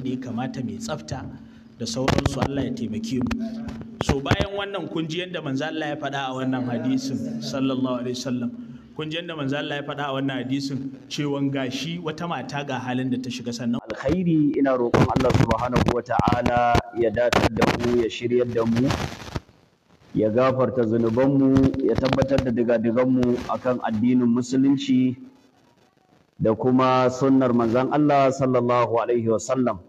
da ya kamata mai tsafta da sauransu Allah ya taimake mu so bayan wannan kun yadda manzo Allah ya faɗa a wannan hadisin sallallahu alaihi wasallam kun yadda manzo Allah ya faɗa a wannan hadisin cewan gashi wata mata ga halin da ta shiga sannan alkhairi ina roƙon Allah subhanahu wata'ala ya datar da mu ya shiryar da mu ya gafarta mu, ya tabbatar da mu akan addinin musulunci da kuma sunnar manzon Allah sallallahu alaihi wasallam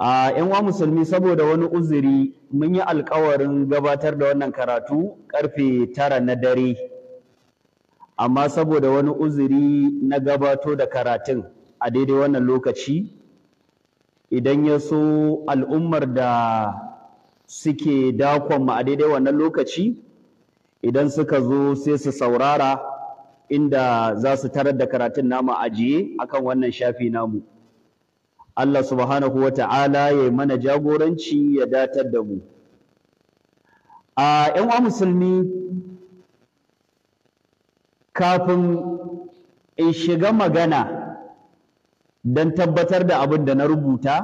a yan wa musulmi saboda wani uzuri mun yi alkawarin gabatar da wannan karatu karfe tara na dare amma saboda wani uzuri na gabato da karatun a daidai wannan lokaci idan ya so al'ummar da suke dakon mu a daidai wannan lokaci idan suka zo sai su saurara inda za su tarar da karatun namu ajiye akan wannan shafi namu Allah subhanahu wa ta'ala ya yi mana jagoranci ya datar da mu a ‘yan wa musulmi kafin in shiga magana don tabbatar da abin da na rubuta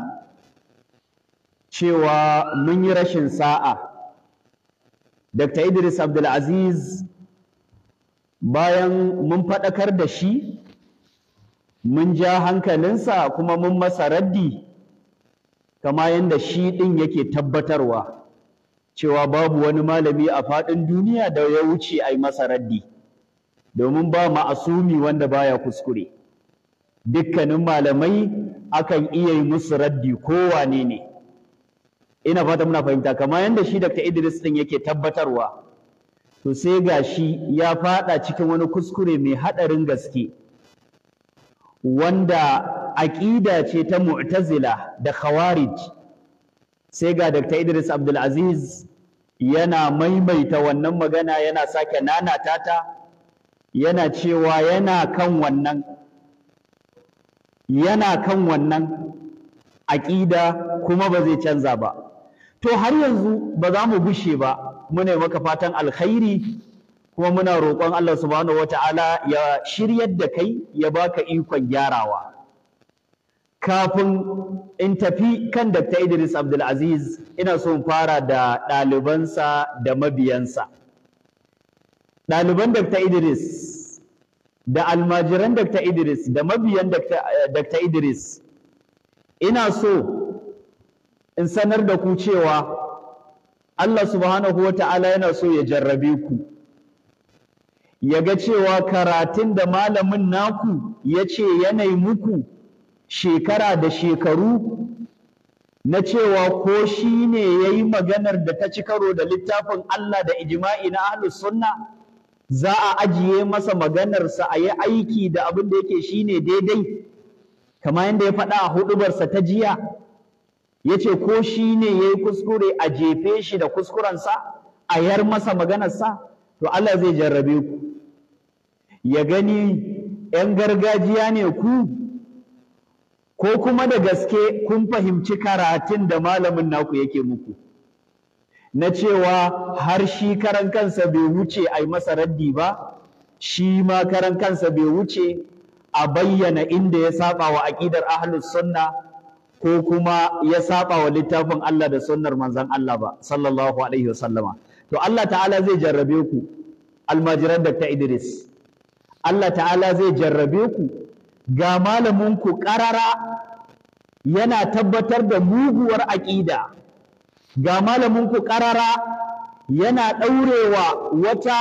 cewa mun yi rashin sa'a Dr. Idris Abdulaziz bayan mun faɗakar da shi mun ja hankalinsa kuma mun masa raddi kama yadda shi ɗin yake tabbatarwa cewa babu wani malami a faɗin duniya da ya wuce a yi masa raddi domin ba ma'asumi wanda baya kuskure dukkanin malamai akan iya yi musu raddi kowane ne ina fata muna fahimta kama yadda shi Dr. Idris ɗin yake tabbatarwa to sai ga shi ya faɗa cikin wani kuskure mai haɗarin gaske. wanda aƙida ce ta mu'tazila da khawarij sai ga Dr. Idris Abdulaziz yana maimaita wannan magana yana sake nanata ta yana cewa yana kan wannan yana kan wannan aƙida kuma ba zai canza ba to har yanzu ba za mu bushe ba mune maka fatan alkhairi kuma muna roƙon Allah subhanahu wata'ala ya shiryar da kai ya baka ikon gyarawa kafin in tafi kan Dr. Idris Abdulaziz ina so in fara da ɗalibansa da mabiyansa ɗaliban Dr. Idris da almajiran Dr. Idris da mabiyan Dr. Idris ina so in sanar da ku cewa Allah subhanahu wa yana so ya jarrabe ku ya ga cewa karatun da malamin naku ya ce yanayi muku shekara da shekaru na cewa ko shi ne ya yi maganar da ta ci karo da littafin Allah da ijima'i na ahlus sunna za a ajiye masa maganarsa a yi aiki da abin da yake shi ne daidai kamar yadda ya faɗa a huɗubarsa ta jiya ya ce ko shi ne ya yi kuskure a jefe shi da kuskurensa a yar masa maganarsa to Allah zai jarrabe ku ya gani ‘yan gargajiya ne ku ko kuma da gaske kun fahimci karatun da malamin naku yake muku na cewa har shi karan kansa bai wuce a yi masa raddi ba shi ma karan kansa bai wuce a bayyana inda ya saba wa aƙidar ahlus sunna ko kuma ya saba wa littafin Allah da sunnar manzon Allah ba sallallahu alaihi wasallama to Allah ta'ala zai jarrabe ku almajiran ta Idris Allah ta'ala zai jarrabe ku ga malaminku ƙarara yana tabbatar da muguwar aƙida ga malamin ku ƙarara yana ɗaurewa wata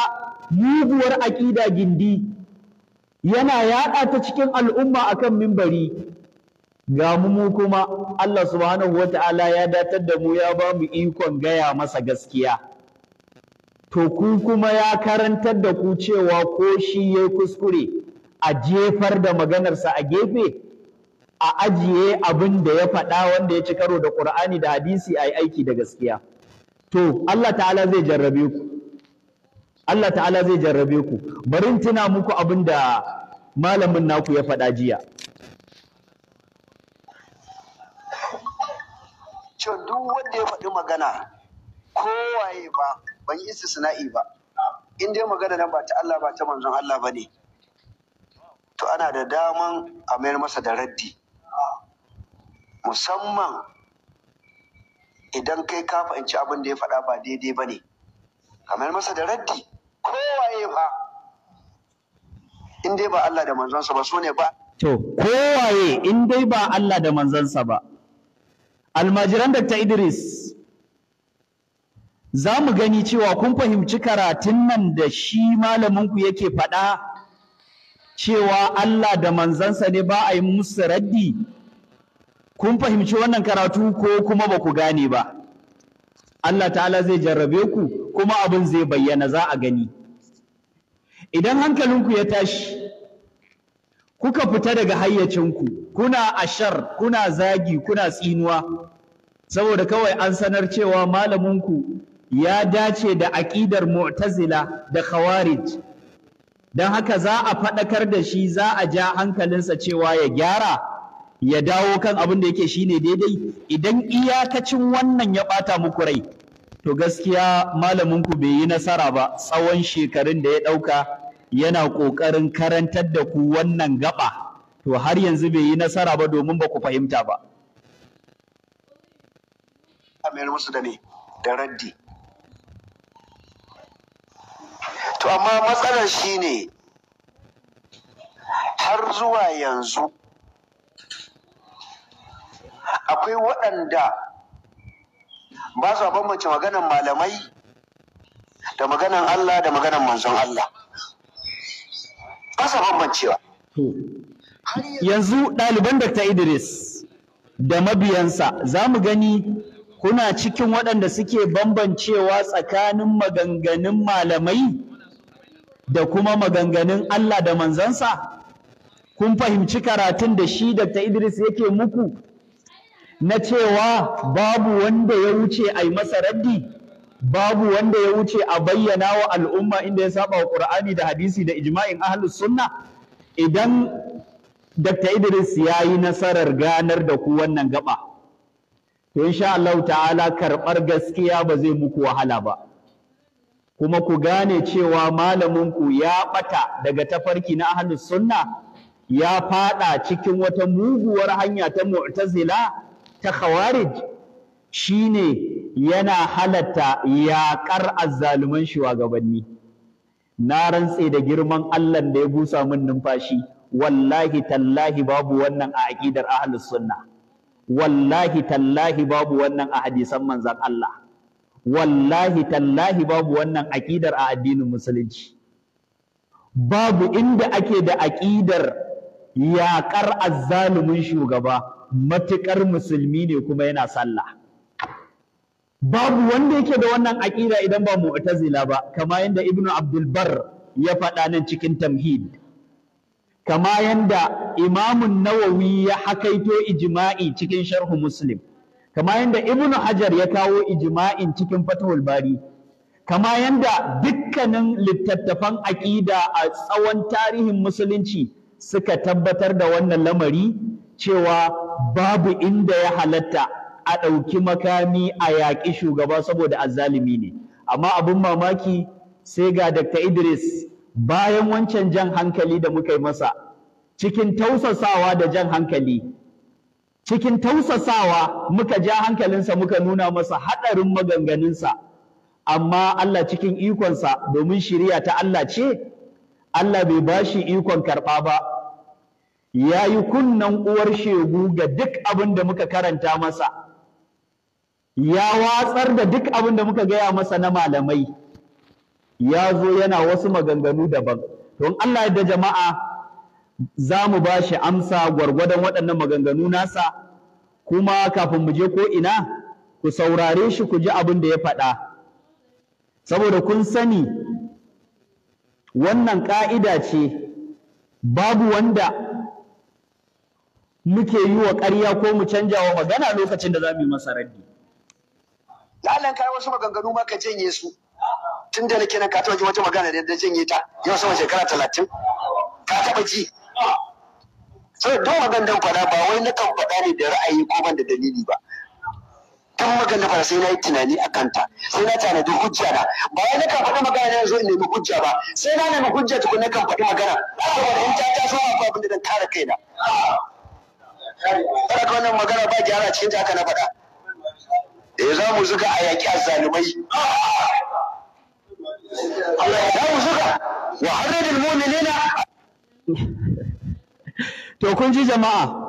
muguwar aƙida gindi yana yaɗa ta cikin al'umma akan mimbari ga mu kuma Allah subhanahu wata'ala ya datar da mu ya ba mu ikon gaya masa gaskiya to ku kuma ya karantar da ku cewa ko shi ya kuskure a jefar da maganarsa a gefe a ajiye abin da ya faɗa wanda ya ci karo da ƙur'ani da hadisi a yi aiki da gaskiya to Allah ta'ala zai jarrabe ku Allah ta'ala zai jarrabe ku bari tuna muku abin da malamin naku ya faɗa jiya duk wanda ya faɗi magana kowaye ba ban yi istisna'i ba in dai magana nan ba ta Allah ba ta manzon Allah ba ne to ana da daman a mayar masa da raddi musamman idan kai ka fahimci abin da ya faɗa ba daidai ba ne a mayar masa da raddi kowaye ba in dai ba Allah da manzonsa ba so ne ba to kowaye in dai ba Allah da manzonsa ba almajiran dr ta Idris za mu gani cewa kun fahimci karatun nan da shi malaminku yake faɗa cewa Allah da manzansa ne ba a yi musu raddi kun fahimci wannan karatu ko kuma ba ku gane ba Allah ta'ala zai jarrabe ku kuma abin zai bayyana za a gani idan hankalinku ya tashi kuka fita daga hayyacinku kuna ashar kuna zagi kuna tsinuwa saboda kawai an sanar cewa malaminku ya dace da aƙidar mu'tazila da khawarij don haka za a faɗakar da shi za a ja hankalinsa cewa ya gyara ya dawo kan abin da yake shine daidai idan iyakacin wannan ya ɓata muku rai to gaskiya malaminku bai yi nasara ba tsawon shekarun da ya ɗauka yana ƙoƙarin karantar da ku wannan gaɓa, to har yanzu bai yi nasara ba domin ba ku fahimta ba. Amir musu da ne da raddi to amma matsalar shi ne har zuwa yanzu akwai waɗanda ba su bambance maganan malamai da maganan Allah da maganan manzon Allah ba su bambancewa yanzu ɗaliban da ta Idris da mabiyansa za mu gani kuna cikin waɗanda suke bambancewa tsakanin maganganun malamai da kuma maganganun Allah da manzansa kun fahimci karatun da shi Dr. Idris yake muku na cewa babu wanda ya wuce a yi masa raddi babu wanda ya wuce a bayyana wa al'umma inda ya saba wa Qur'ani da hadisi da ijma'in ahlus sunna idan Dr. Idris ya yi nasarar ganar da ku wannan gaba to insha Allah ta'ala karɓar gaskiya ba zai muku wahala ba kuma ku gane cewa malaminku ya ɓata daga tafarki na ahlus sunna ya faɗa cikin wata muguwar hanya ta mu'tazila ta khawarij shine yana halatta yaƙar azzaluman shugabanni na rantse da girman Allah da ya busa min numfashi wallahi tallahi babu wannan a aqidar ahlus sunna wallahi tallahi babu wannan a hadisan manzon Allah wallahi tallahi babu wannan aƙidar a addinin musulunci babu inda ake da aƙidar yaƙar azzalumin shugaba matuƙar musulmi ne kuma yana sallah babu wanda yake da wannan aƙida idan ba mu'tazila ba kama yanda ibnu abdul bar ya faɗa nan cikin tamhid kama yanda imamun nawawi ya hakaito ijma'i cikin sharhu muslim kama yanda ibn hajar ya kawo ijma'in cikin fatahul bari kama yanda dukkanin littattafan aƙida a tsawon tarihin musulunci suka tabbatar da wannan lamari cewa babu inda ya halatta a ɗauki makami a yaƙi shugaba saboda azzalimi ne amma abin mamaki sai ga Dr. Idris bayan wancan jan hankali da muka yi masa cikin tausasawa da jan hankali cikin tausasawa muka ja hankalinsa muka nuna masa haɗarin maganganunsa amma Allah cikin ikonsa domin shirya ta Allah ce Allah bai bashi ikon karɓa ba ya yi kunnen uwar shegu ga duk abin da muka karanta masa ya watsar da duk abin da muka gaya masa na malamai ya zo yana wasu maganganu daban don Allah yadda jama'a za mu ba shi amsa gwargwadon waɗannan maganganu nasa kuma kafin mu je ko ina ku saurare shi ku ji abin da ya faɗa saboda kun sani wannan ƙa'ida ce babu wanda muke yi wa ƙarya ko mu canja wa magana lokacin da za mu yi masa raddi. Dalan kai wasu maganganu ma ka janye su tun da nake nan ka taɓa ji wata magana da janye ta yau sama shekara talatin ka taɓa ji sai duk magan dan ba wai kan faɗa ne da ra'ayi ko ban da dalili ba duk magan da faɗa sai na yi tunani a kanta sai na tanadi hujja na ba wai kan faɗi magana na yanzu in nemi hujja ba sai na nemi hujja tukun kan faɗi magana saboda in ta taso akwai abin da dan kare kaina kada ka wannan magana ba gyara cikin ta na faɗa eh za mu zuga a yaƙi azzalumai Allah ya mu zuga wa ne mu'minina to kun ji jama'a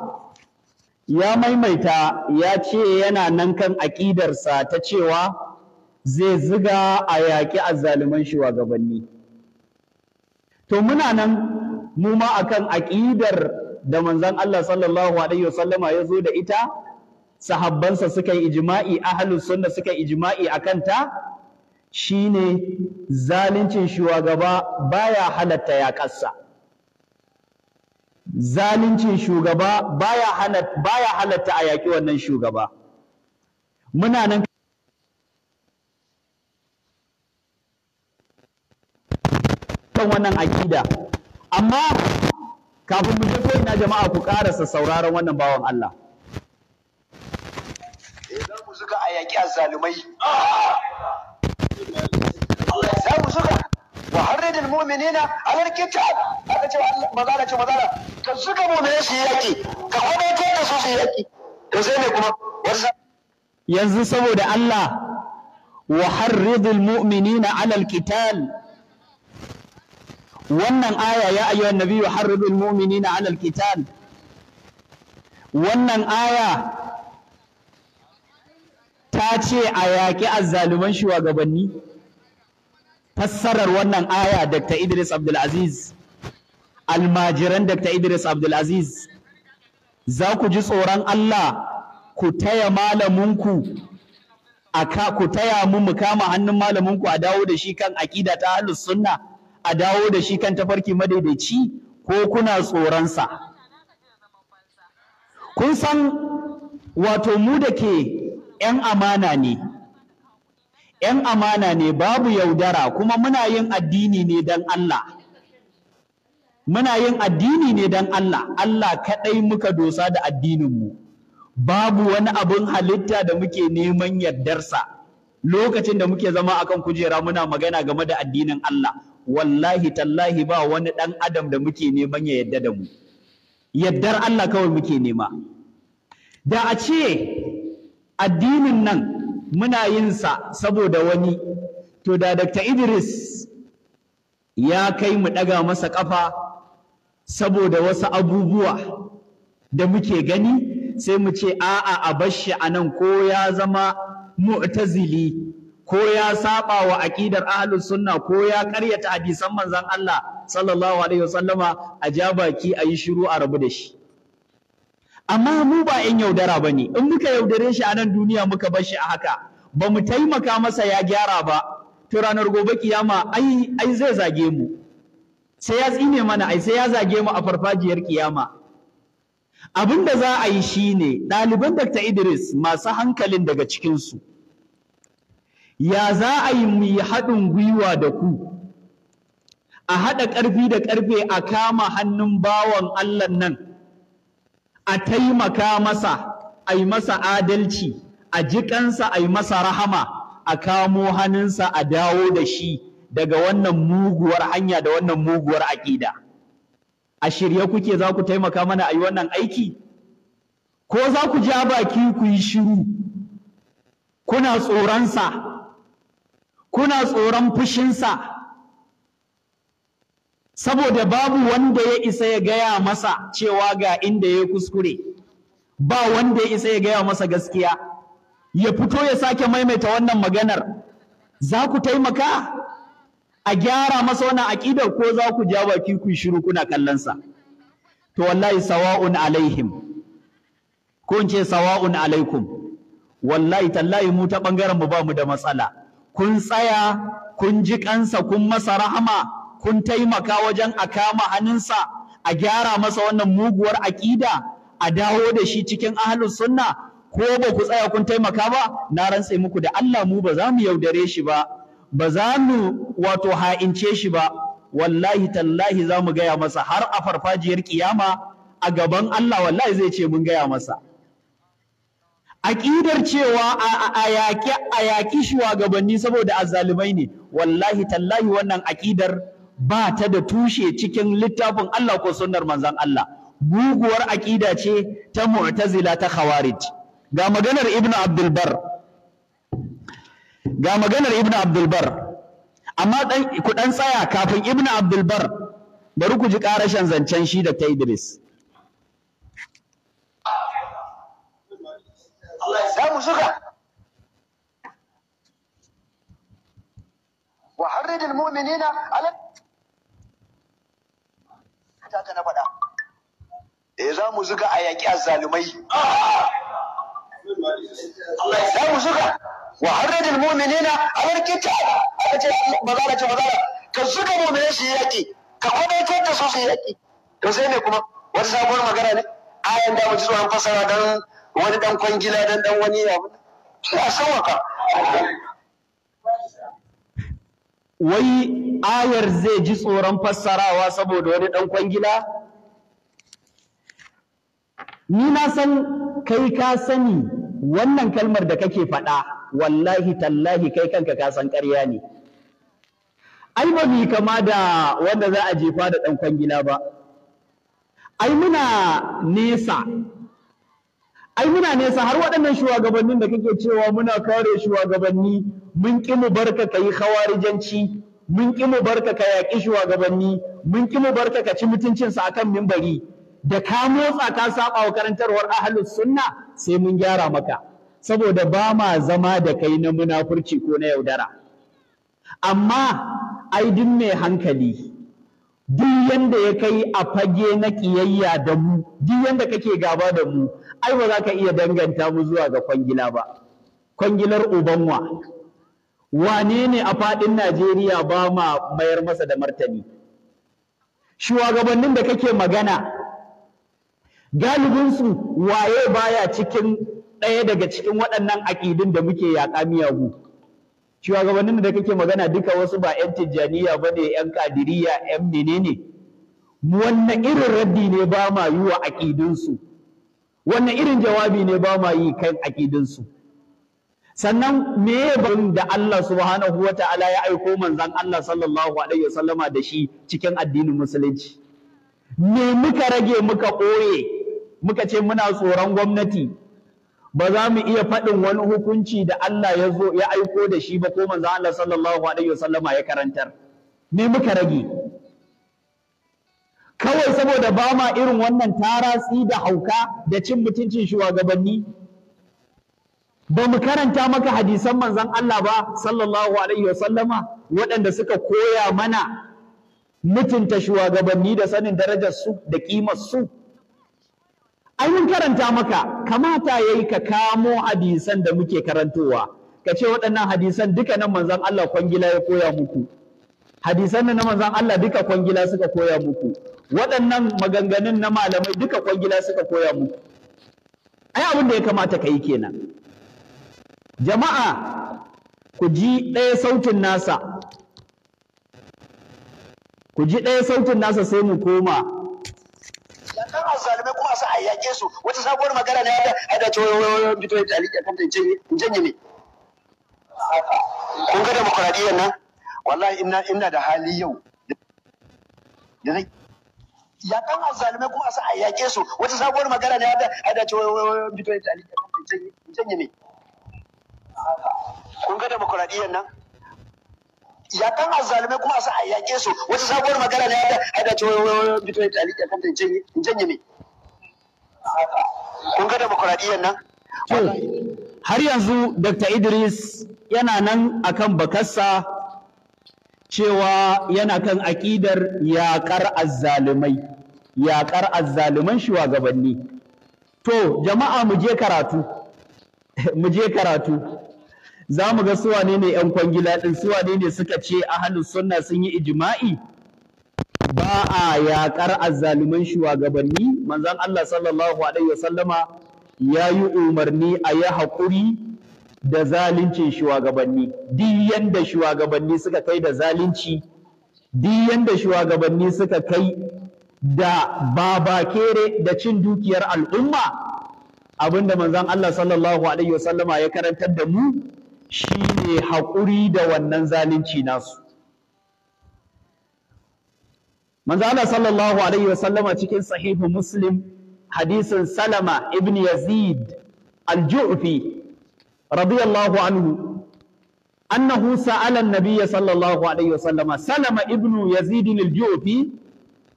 ya maimaita ya ce yana nan kan aƙidarsa ta cewa zai zuga a yaƙi azzaluman shugabanni to muna nan mu ma akan aƙidar da manzon Allah sallallahu alaihi wasallama ya zo da ita sahabbansa suka yi ijma'i ahlus sunna suka yi ijma'i akan ta shine zaluncin shugaba baya halatta yaƙarsa zaluncin shugaba baya halatta baya halatta a yaƙi wannan shugaba muna nan kan wannan akida amma kafin mu je na jama'a ku ƙarasa sauraron wannan bawan Allah eh, za mu zuga a yaƙi azzalumai za mu zuga wa harridul mu'minina alal kitab aka ce da ce magana ka zuga su da su su to sai ne kuma yanzu saboda Allah wa harridul mu'minina alal qital wannan aya ya ayyuhan nabiyyu harridul mu'minina alal qital wannan aya ta ce a yaƙi azzaluman shugabanni fassarar wannan aya Dr. Idris Abdulaziz almajiran Dr. Idris Abdulaziz za ku ji tsoron Allah ku taya a ka ku taya mu mu kama hannun malaminku a dawo da shi kan aƙida ta ahlus sunna a dawo da shi kan tafarki madaidaici ko kuna sa. kun san wato mu da ke 'yan amana ne 'yan amana ne babu yaudara kuma muna yin addini ne dan Allah muna yin addini ne dan Allah Allah kaɗai muka dosa da addininmu babu wani abin halitta da muke neman yardarsa lokacin da muke zama akan kujera muna magana game da addinin Allah wallahi tallahi ba wani ɗan adam da muke neman ya yarda da mu yaddar Allah kawai muke nema da a ce addinin nan muna yin sa saboda wani to da Dr. Idris ya kai mu ɗaga masa ƙafa saboda wasu abubuwa da muke gani sai mu ce a'a a bashi a nan ko ya zama mu'tazili ko ya saba wa aqidar ahlus sunna ko ya karyata hadisan manzon Allah sallallahu alaihi wasallama a ja baki a yi shiru a rabu da shi amma mu ba 'yan yaudara bane in muka yaudare shi a nan duniya muka bar shi a haka ba mu taimaka masa ya gyara ba to ranar gobe kiyama ai ai zai zage mu sai ya tsine mana ai sai ya zage mu a farfajiyar kiyama abin da za a yi shine ɗaliban Dr. Idris masu hankalin daga cikinsu ya za a yi mu yi haɗin gwiwa da ku a haɗa ƙarfi da ƙarfe a kama hannun bawan Allah nan a taimaka masa ai masa adalci a jikansa, ai masa rahama a kamo hannunsa a dawo da shi daga wannan muguwar hanya da wannan muguwar aƙida a shirye kuke za ku taimaka mana a yi wannan aiki ko za ku ja baki ku yi shiru kuna tsoronsa kuna tsoron fushinsa saboda babu wanda ya isa ya gaya masa cewa ga inda ya kuskure ba wanda ya isa ya gaya masa gaskiya ya fito ya sake maimaita wannan maganar za ku taimaka a gyara masa wannan aƙidar ko za ku ja baki ku shiru kuna kallonsa? sa to wallahi sawa'un alaihim ko in ce sawa'un alaikum wallahi tallahi mu ta ɓangaren mu ba mu da matsala kun tsaya kun ji kansa kun masa rahama kun taimaka wajen a kama hannunsa a gyara masa wannan muguwar aƙida a dawo da shi cikin ahlus sunna ko ba ku tsaya kun taimaka ba na rantse muku da Allah mu ba za mu yaudare shi ba ba za mu wato ha'ince shi ba wallahi tallahi za mu gaya masa har a farfajiyar kiyama a gaban Allah wallahi zai ce mun gaya masa aƙidar cewa a yaƙi gabanni saboda azzalumai ne wallahi tallahi wannan aƙidar ba ta da tushe cikin littafin Allah ko sunnar manzon Allah guguwar aƙida ce ta mu'tazila ta khawarij ga maganar ibnu abdul bar ga maganar ibn abdulbar amma ku ɗan tsaya kafin ibn abdulbar bari ku ji ƙarashin zancen shi da ta idris Allah ya samu suka wa harridil mu'minina ala ta na faɗa eh za mu zuga a yaƙi azzalumai Allah ya samu suka wa harradil mu'minina alal qital aka ce mazala ce mazala ka zuga mu'minin su yaki ka kwadaitar da su su to sai ne kuma wata sabuwar magana ne ayan da mutu an fasara dan wani dan kwangila dan dan wani abu a sawaka wai ayar zai ji tsoron fassarawa saboda wani dan kwangila ni na san kai ka sani wannan kalmar da kake faɗa wallahi tallahi kai kanka ka san ƙarya ne ai ba mu kama da wanda za a jefa da ɗan kwangila ba ai muna nesa ai muna nesa har waɗannan shugabannin da kake cewa muna kare shugabanni mun ƙi mu barka ka yi hawarijanci mun ƙi mu barka ka yaƙi shugabanni mun ƙi mu barka ka ci mutuncinsa akan mimbari da ka motsa ka saba wa karantarwar ahlus sunna sai mun gyara maka saboda ba ma zama da kai na munafurci ko na yaudara amma ai duk mai hankali duk yanda ya kai a fage na ƙiyayya da mu duk yanda kake gaba da mu ai ba za ka iya danganta mu zuwa ga kwangila ba kwangilar ubanwa wane ne a faɗin najeriya ba ma mayar masa da martani Shuwagabannin da kake magana galibinsu waye baya cikin ɗaya daga cikin waɗannan aƙidun da muke yaƙa miyagu shugabannin da kake magana duka wasu ba 'yan tijjaniya ba ne 'yan kadiriya 'yan menene wannan irin raddi ne ba ma yi wa aƙidunsu wannan irin jawabi ne ba ma yi kan aƙidunsu sannan me ban da Allah subhanahu wa ta'ala ya aiko manzon Allah sallallahu alaihi wasallama da shi cikin addinin musulunci me muka rage muka ɓoye muka ce muna tsoron gwamnati ba za mu iya faɗin wani hukunci da Allah ya zo ya aiko da shi ba ko manzo Allah sallallahu alaihi wasallama ya karantar me muka rage kawai saboda ba ma irin wannan taratsi da hauka da cin mutuncin shugabanni ba mu karanta maka hadisan manzon Allah ba sallallahu alaihi wasallama waɗanda suka koya mana mutunta shugabanni da sanin darajar su da ƙimar su ai mun karanta maka kamata yayi ka kamo hadisan da muke karantowa ka ce waɗannan hadisan duka nan manzon Allah kwangila ya koya muku hadisan nan na manzon Allah duka kwangila suka koya muku waɗannan maganganun na malamai duka kwangila suka koya muku ai abin da ya kamata ka yi kenan jama'a ku ji ɗaya sautin nasa ku ji ɗaya sautin nasa sai mu koma waɗannan azzalimai kuma sa a yaƙe su wata sabuwar magana ne ya da ce wayoyin fito ya talike ne kun ga demokradiyyar nan wallahi ina ina da hali yau ya kan kuma a su wata sabuwar magana ne da ce ya talike ne kun ga demokradiyyar nan yakan azzalume kuma su sa a yaƙe su wata sabuwar magana ne ya da ce bito ya taliki kan ta in janye ne kun ga demokuraɗiyyar nan har yanzu Dr. Idris yana nan akan bakarsa cewa yana kan aƙidar yaƙar azzalumai yaƙar azzaluman shugabanni to jama'a mu je karatu mu je karatu za mu ga wane ne ‘yan kwangila ɗin wane ne suka ce ahlus sunna sun yi ijima'i ba a yaƙar azzaluman shugabanni manzon Allah sallallahu alaihi wasallama ya yi umarni a yi haƙuri da zaluncin shugabanni duk yanda shugabanni suka kai da zalunci duk yanda shugabanni suka kai da babakere da cin dukiyar al'umma abinda manzon Allah sallallahu alaihi wasallama ya karantar da mu shi ne haƙuri da wannan zalunci nasu manzo Allah sallallahu alaihi wasallama cikin sahihu muslim hadisin salama ibn yazid al-ju'fi radiyallahu anhu annahu sa'ala an-nabiyya sallallahu alaihi wasallama salama ibn yazid al-ju'fi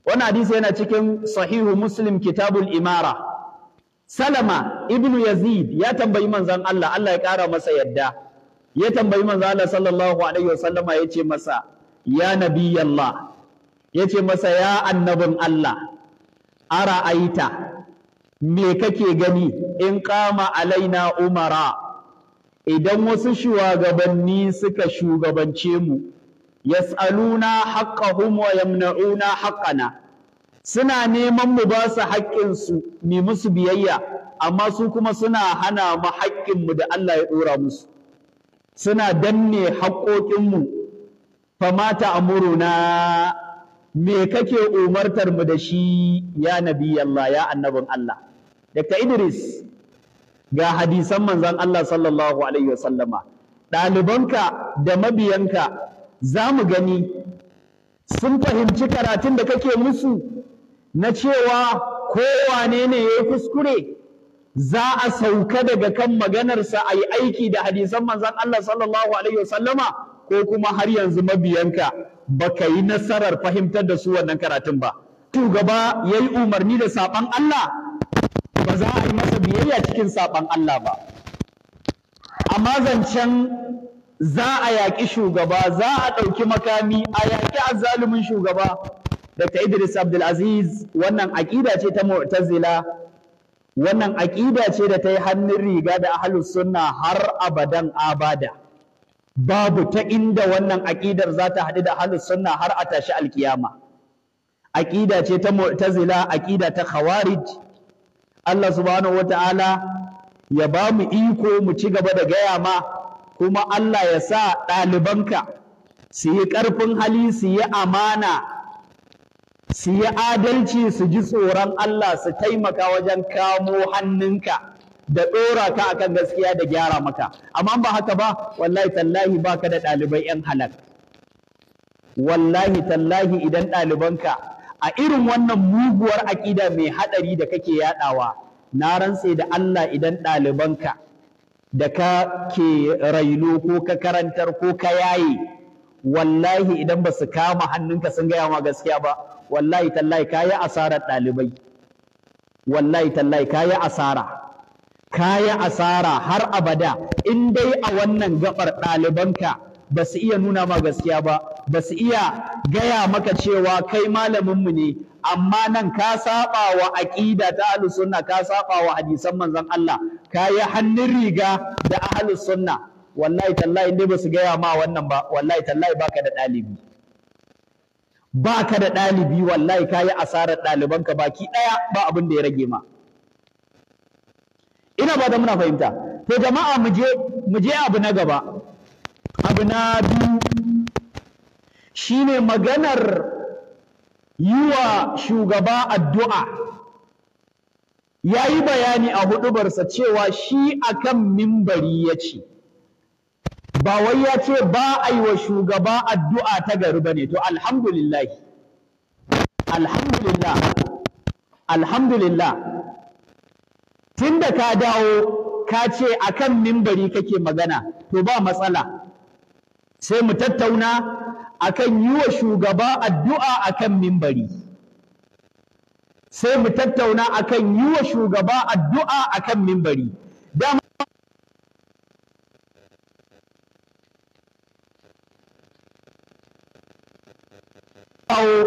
Wani hadisi yana cikin sahihu muslim kitabul imara salama ibn yazid ya tambayi manzan Allah Allah ya ƙara masa yadda ya tambayi manzo Allah sallallahu alaihi sallama ya ce masa ya nabiyallah ya ce masa ya annabin Allah ara aita me kake gani in kama alaina umara idan wasu shugabanni suka shugabance mu yas'aluna haqqahum wa yamna'una haqqana suna neman mu ba su haƙƙinsu mu musu biyayya amma su kuma suna hana mu haƙƙin mu da Allah ya ɗora musu suna danne haƙoƙinmu famata amuruna me kake umartar mu da shi ya nabi Allah ya annabin Allah Dr. Idris ga hadisan manzan Allah sallallahu alaihi wasallama ɗalibanka da mabiyanka za mu gani sun fahimci karatun da kake musu na cewa kowane ne ya yi kuskure za a sauka daga kan maganarsa a yi aiki da hadisan manzon Allah sallallahu alaihi wasallama ko kuma har yanzu mabiyanka baka yi nasarar fahimtar da su wannan karatun ba to gaba yayi umarni da saɓan Allah ba za a yi masa biyayya cikin saɓan Allah ba amma zancen za a yaƙi shugaba za a ɗauki makami a yaƙi azzalumin shugaba Dr. Idris Abdulaziz wannan aƙida ce ta Mu'tazila wannan aƙida ce da ta yi hannun riga da ahlus sunna har abadan abada babu ta inda wannan aƙidar za ta haɗu da ahlus sunna har a tashi alkiyama aƙida ce ta mu'tazila aƙida ta khawarij Allah subhanahu wata'ala ya ba mu iko mu ci gaba da gaya ma kuma Allah ya sa ɗalibanka su yi ƙarfin hali su yi amana su yi adalci su ji tsoron Allah su taimaka wajen kamo hannunka da ɗora ka akan gaskiya da gyara maka amma ba haka ba wallahi tallahi ba ka da ɗalibai 'yan halal wallahi tallahi idan ɗalibanka a irin wannan muguwar aƙida mai haɗari da kake yaɗawa na rantse da Allah idan ɗalibanka da ka ke raino ko ka karantar ko ka yaye wallahi idan ba su kama hannunka sun gaya ma gaskiya ba wallahi tallahi kayi asarar ɗalibai wallahi tallahi kayi asara kayi asara har abada in dai a wannan gabar ɗalibanka ba su iya nuna ma gaskiya ba ba su iya gaya maka cewa kai malaminmu ne amma nan ka saba wa aƙida ta ahlus sunna ka saba wa hadisan manzon Allah ka yi hannun riga da ahlus sunna wallahi tallahi indai ba su gaya ma wannan ba wallahi tallahi baka da ɗalibi ba ka da ɗalibi wallahi ka yi asarar ɗalibanka baki ɗaya ba abin da ya rage ma ina ba da muna fahimta to jama'a mu je abu na gaba abu na biyu shine maganar yi wa shugaba addu'a ya yi bayani a huɗubarsa cewa shi akan mimbari ya ce ba wai ya ce ba a yi wa shugaba addu'a ta gari ba ne to alhamdulillah alhamdulillah alhamdulillah tun da ka dawo ka ce a kan mimbari kake magana to ba matsala sai mu tattauna a kan yi wa shugaba addu'a a kan mimbari sai mu tattauna a kan yi wa shugaba addu'a a kan mimbari dama kawo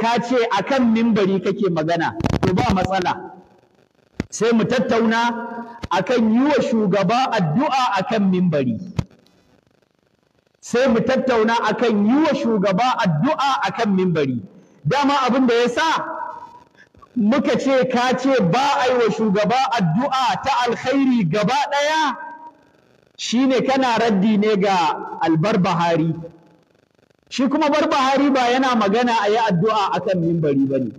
ka ce akan mimbari kake magana to ba matsala sai mu tattauna akan yi wa shugaba addu'a akan mimbari sai mu tattauna akan yi wa shugaba addu'a akan mimbari dama abin da ya sa muka ce ka ce ba a yi wa shugaba addu'a ta alkhairi gaba ɗaya shine kana raddi ne ga albar bahari shi kuma Bar barbahari ba yana magana a yi addu'a a kan mimbari ba ne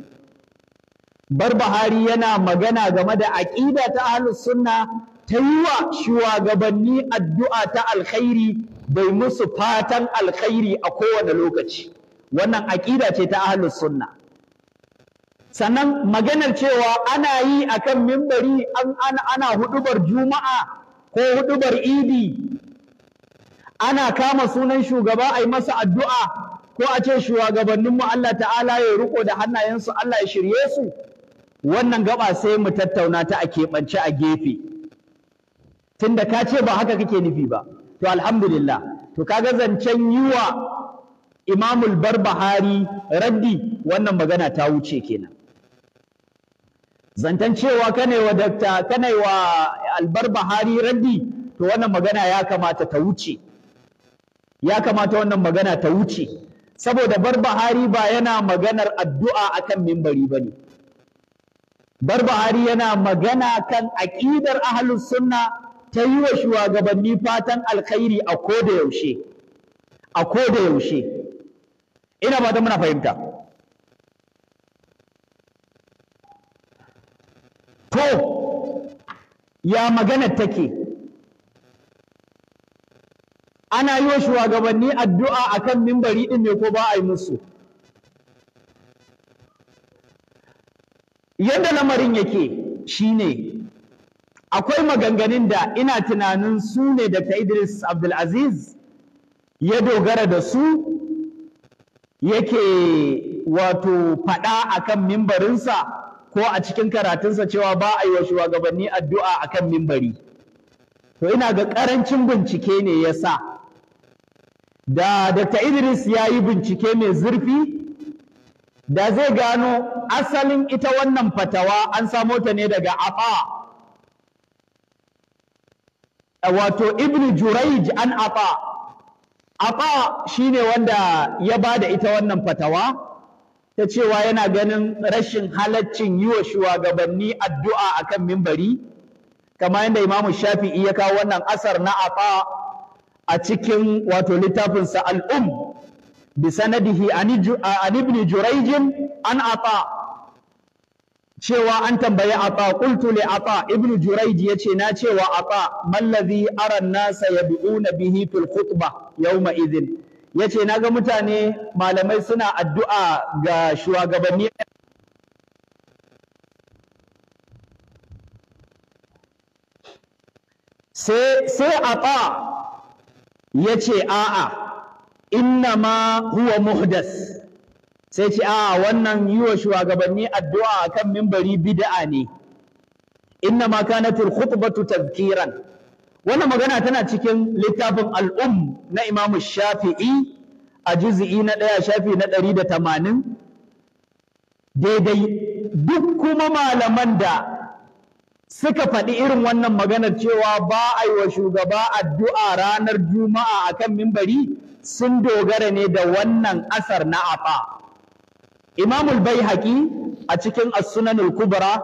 Bar barbahari yana magana game da aƙida ta ahlus sunna ta yi wa shugabanni addu'a ta alkhairi bai musu fatan alkhairi a kowane lokaci wannan aƙida ce ta ahlus sunna sannan maganar cewa ana yi a kan mimbari an ana hudubar juma'a ko hudubar idi ana kama sunan shugaba a yi masa addu'a ko a ce shugabanninmu Allah ta'ala ya riko da hannayensu Allah ya shirye su wannan gaba sai mu tattauna ta a keɓance a gefe tunda ka ce ba haka kake nufi ba to alhamdulillah to ga zancen yi wa imamul barbahari raddi wannan magana ta wuce kenan zantan cewa kane wa dakta kane albarbahari raddi to wannan magana ya kamata ta wuce ya kamata wannan magana ta wuce saboda bar barbahari ba yana maganar addu'a akan mimbari ba ne barbahari yana magana kan aƙidar ahlus sunna ta yi wa shugabanni fatan alkhairi a koda yaushe a koda yaushe ina ba da muna fahimta to ya maganar take ana yi wa shugabanni addu'a akan mimbari ɗin ne ko ba a yi musu yadda lamarin yake shine akwai maganganun da ina tunanin su ne Dr. Idris Abdulaziz ya dogara da su yake wato faɗa akan mimbarinsa ko a cikin karatunsa cewa ba a yi wa shugabanni addu'a akan mimbari to ina ga ƙarancin bincike ne ya sa da Dr. Idris ya yi bincike mai zurfi da zai gano asalin ita wannan fatawa an samo ta ne daga afa wato ibn juraij an afa afa shine wanda ya ba da ita wannan fatawa ta cewa yana ganin rashin halaccin yiwa wa shugabanni addu'a akan mimbari kamar yadda Imam shafi'i ya kawo wannan asar na afa a cikin wato littafinsa al'um bi sanadihi an ibn Juraijin an ata cewa an tambayi ata qultu li ata ibn jurayj yace na cewa ata mallazi ara nasa yad'una bihi fil khutbah yawma idhin yace naga mutane malamai suna addu'a ga shugabanni sai sai ata ya ce a'a inna ma huwa muhdas sai ce a'a wannan yi wa shugabanni addu'a kan mimbari bida'a ne inna ma kanatul khutbatu tazkiran wannan magana tana cikin littafin al'um na imamu shafi'i a juzi'i na ɗaya shafi na ɗari da tamanin daidai duk kuma malaman da suka faɗi irin wannan maganar cewa ba a yi wa shugaba addu'a ranar juma'a akan mimbari sun dogara ne da wannan asar na afa imamul bai a cikin as-sunanul kubra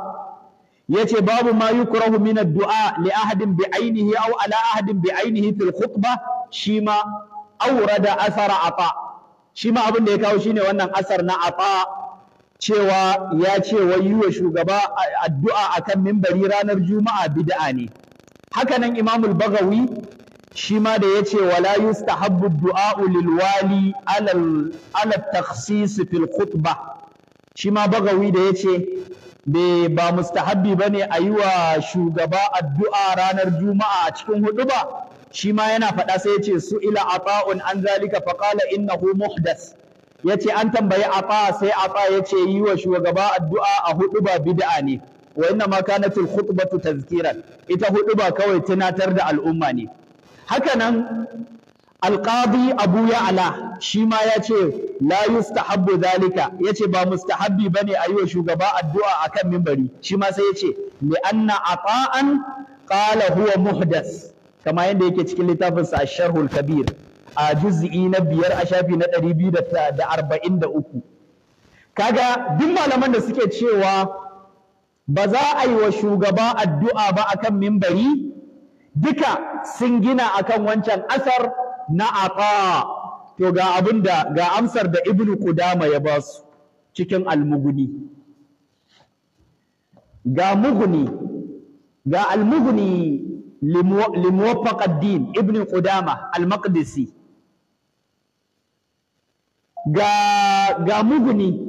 yace babu ma yukrahu min ad-du'a li ahadin bi ainihi aw ala ahadin bi ainihi fil khutba shima awrada asar afa shima abin da ya kawo shine wannan asar na afa cewa ya ce wai wa shugaba addu'a akan mimbari ranar juma'a bid'a ne hakanan imamul bagawi shi ma da ya ce wala yustahabbu du'a'u lil wali ala takhsis fil khutba shi ma bagawi da ya ce ba mustahabbi ne a yi wa shugaba addu'a ranar juma'a a cikin hudu ba shi ma yana faɗa sai ya ce ila ata'un an zalika faqala innahu muhdas Yace an tambayi afa sai afa ya ce yi wa shugaba addu'a a hudu ba bid'a ne wa inna ma kanatul khutbatu tazkiran ita hudu ba kawai tunatar da al'umma ne hakanan alqadi abu ya'la shi ma ya ce la yustahabbu zalika yace ba mustahabbi bane a yi wa shugaba addu'a akan mimbari shi ma sai yace ce li anna ata'an qala huwa muhdas kama yadda yake cikin littafinsa a sharhul kabir a juz'i na biyar a shafi na ɗari biyu da arba'in da uku kaga duk malaman da suke cewa ba za a yi wa shugaba addu'a ba akan mimbari duka sun gina akan wancan asar na aqa to ga abin da ga amsar da ibnu qudama ya ba su cikin almuguni ga muguni ga almuguni limuwaffaqad din ibnu qudama al-maqdisi ga muguni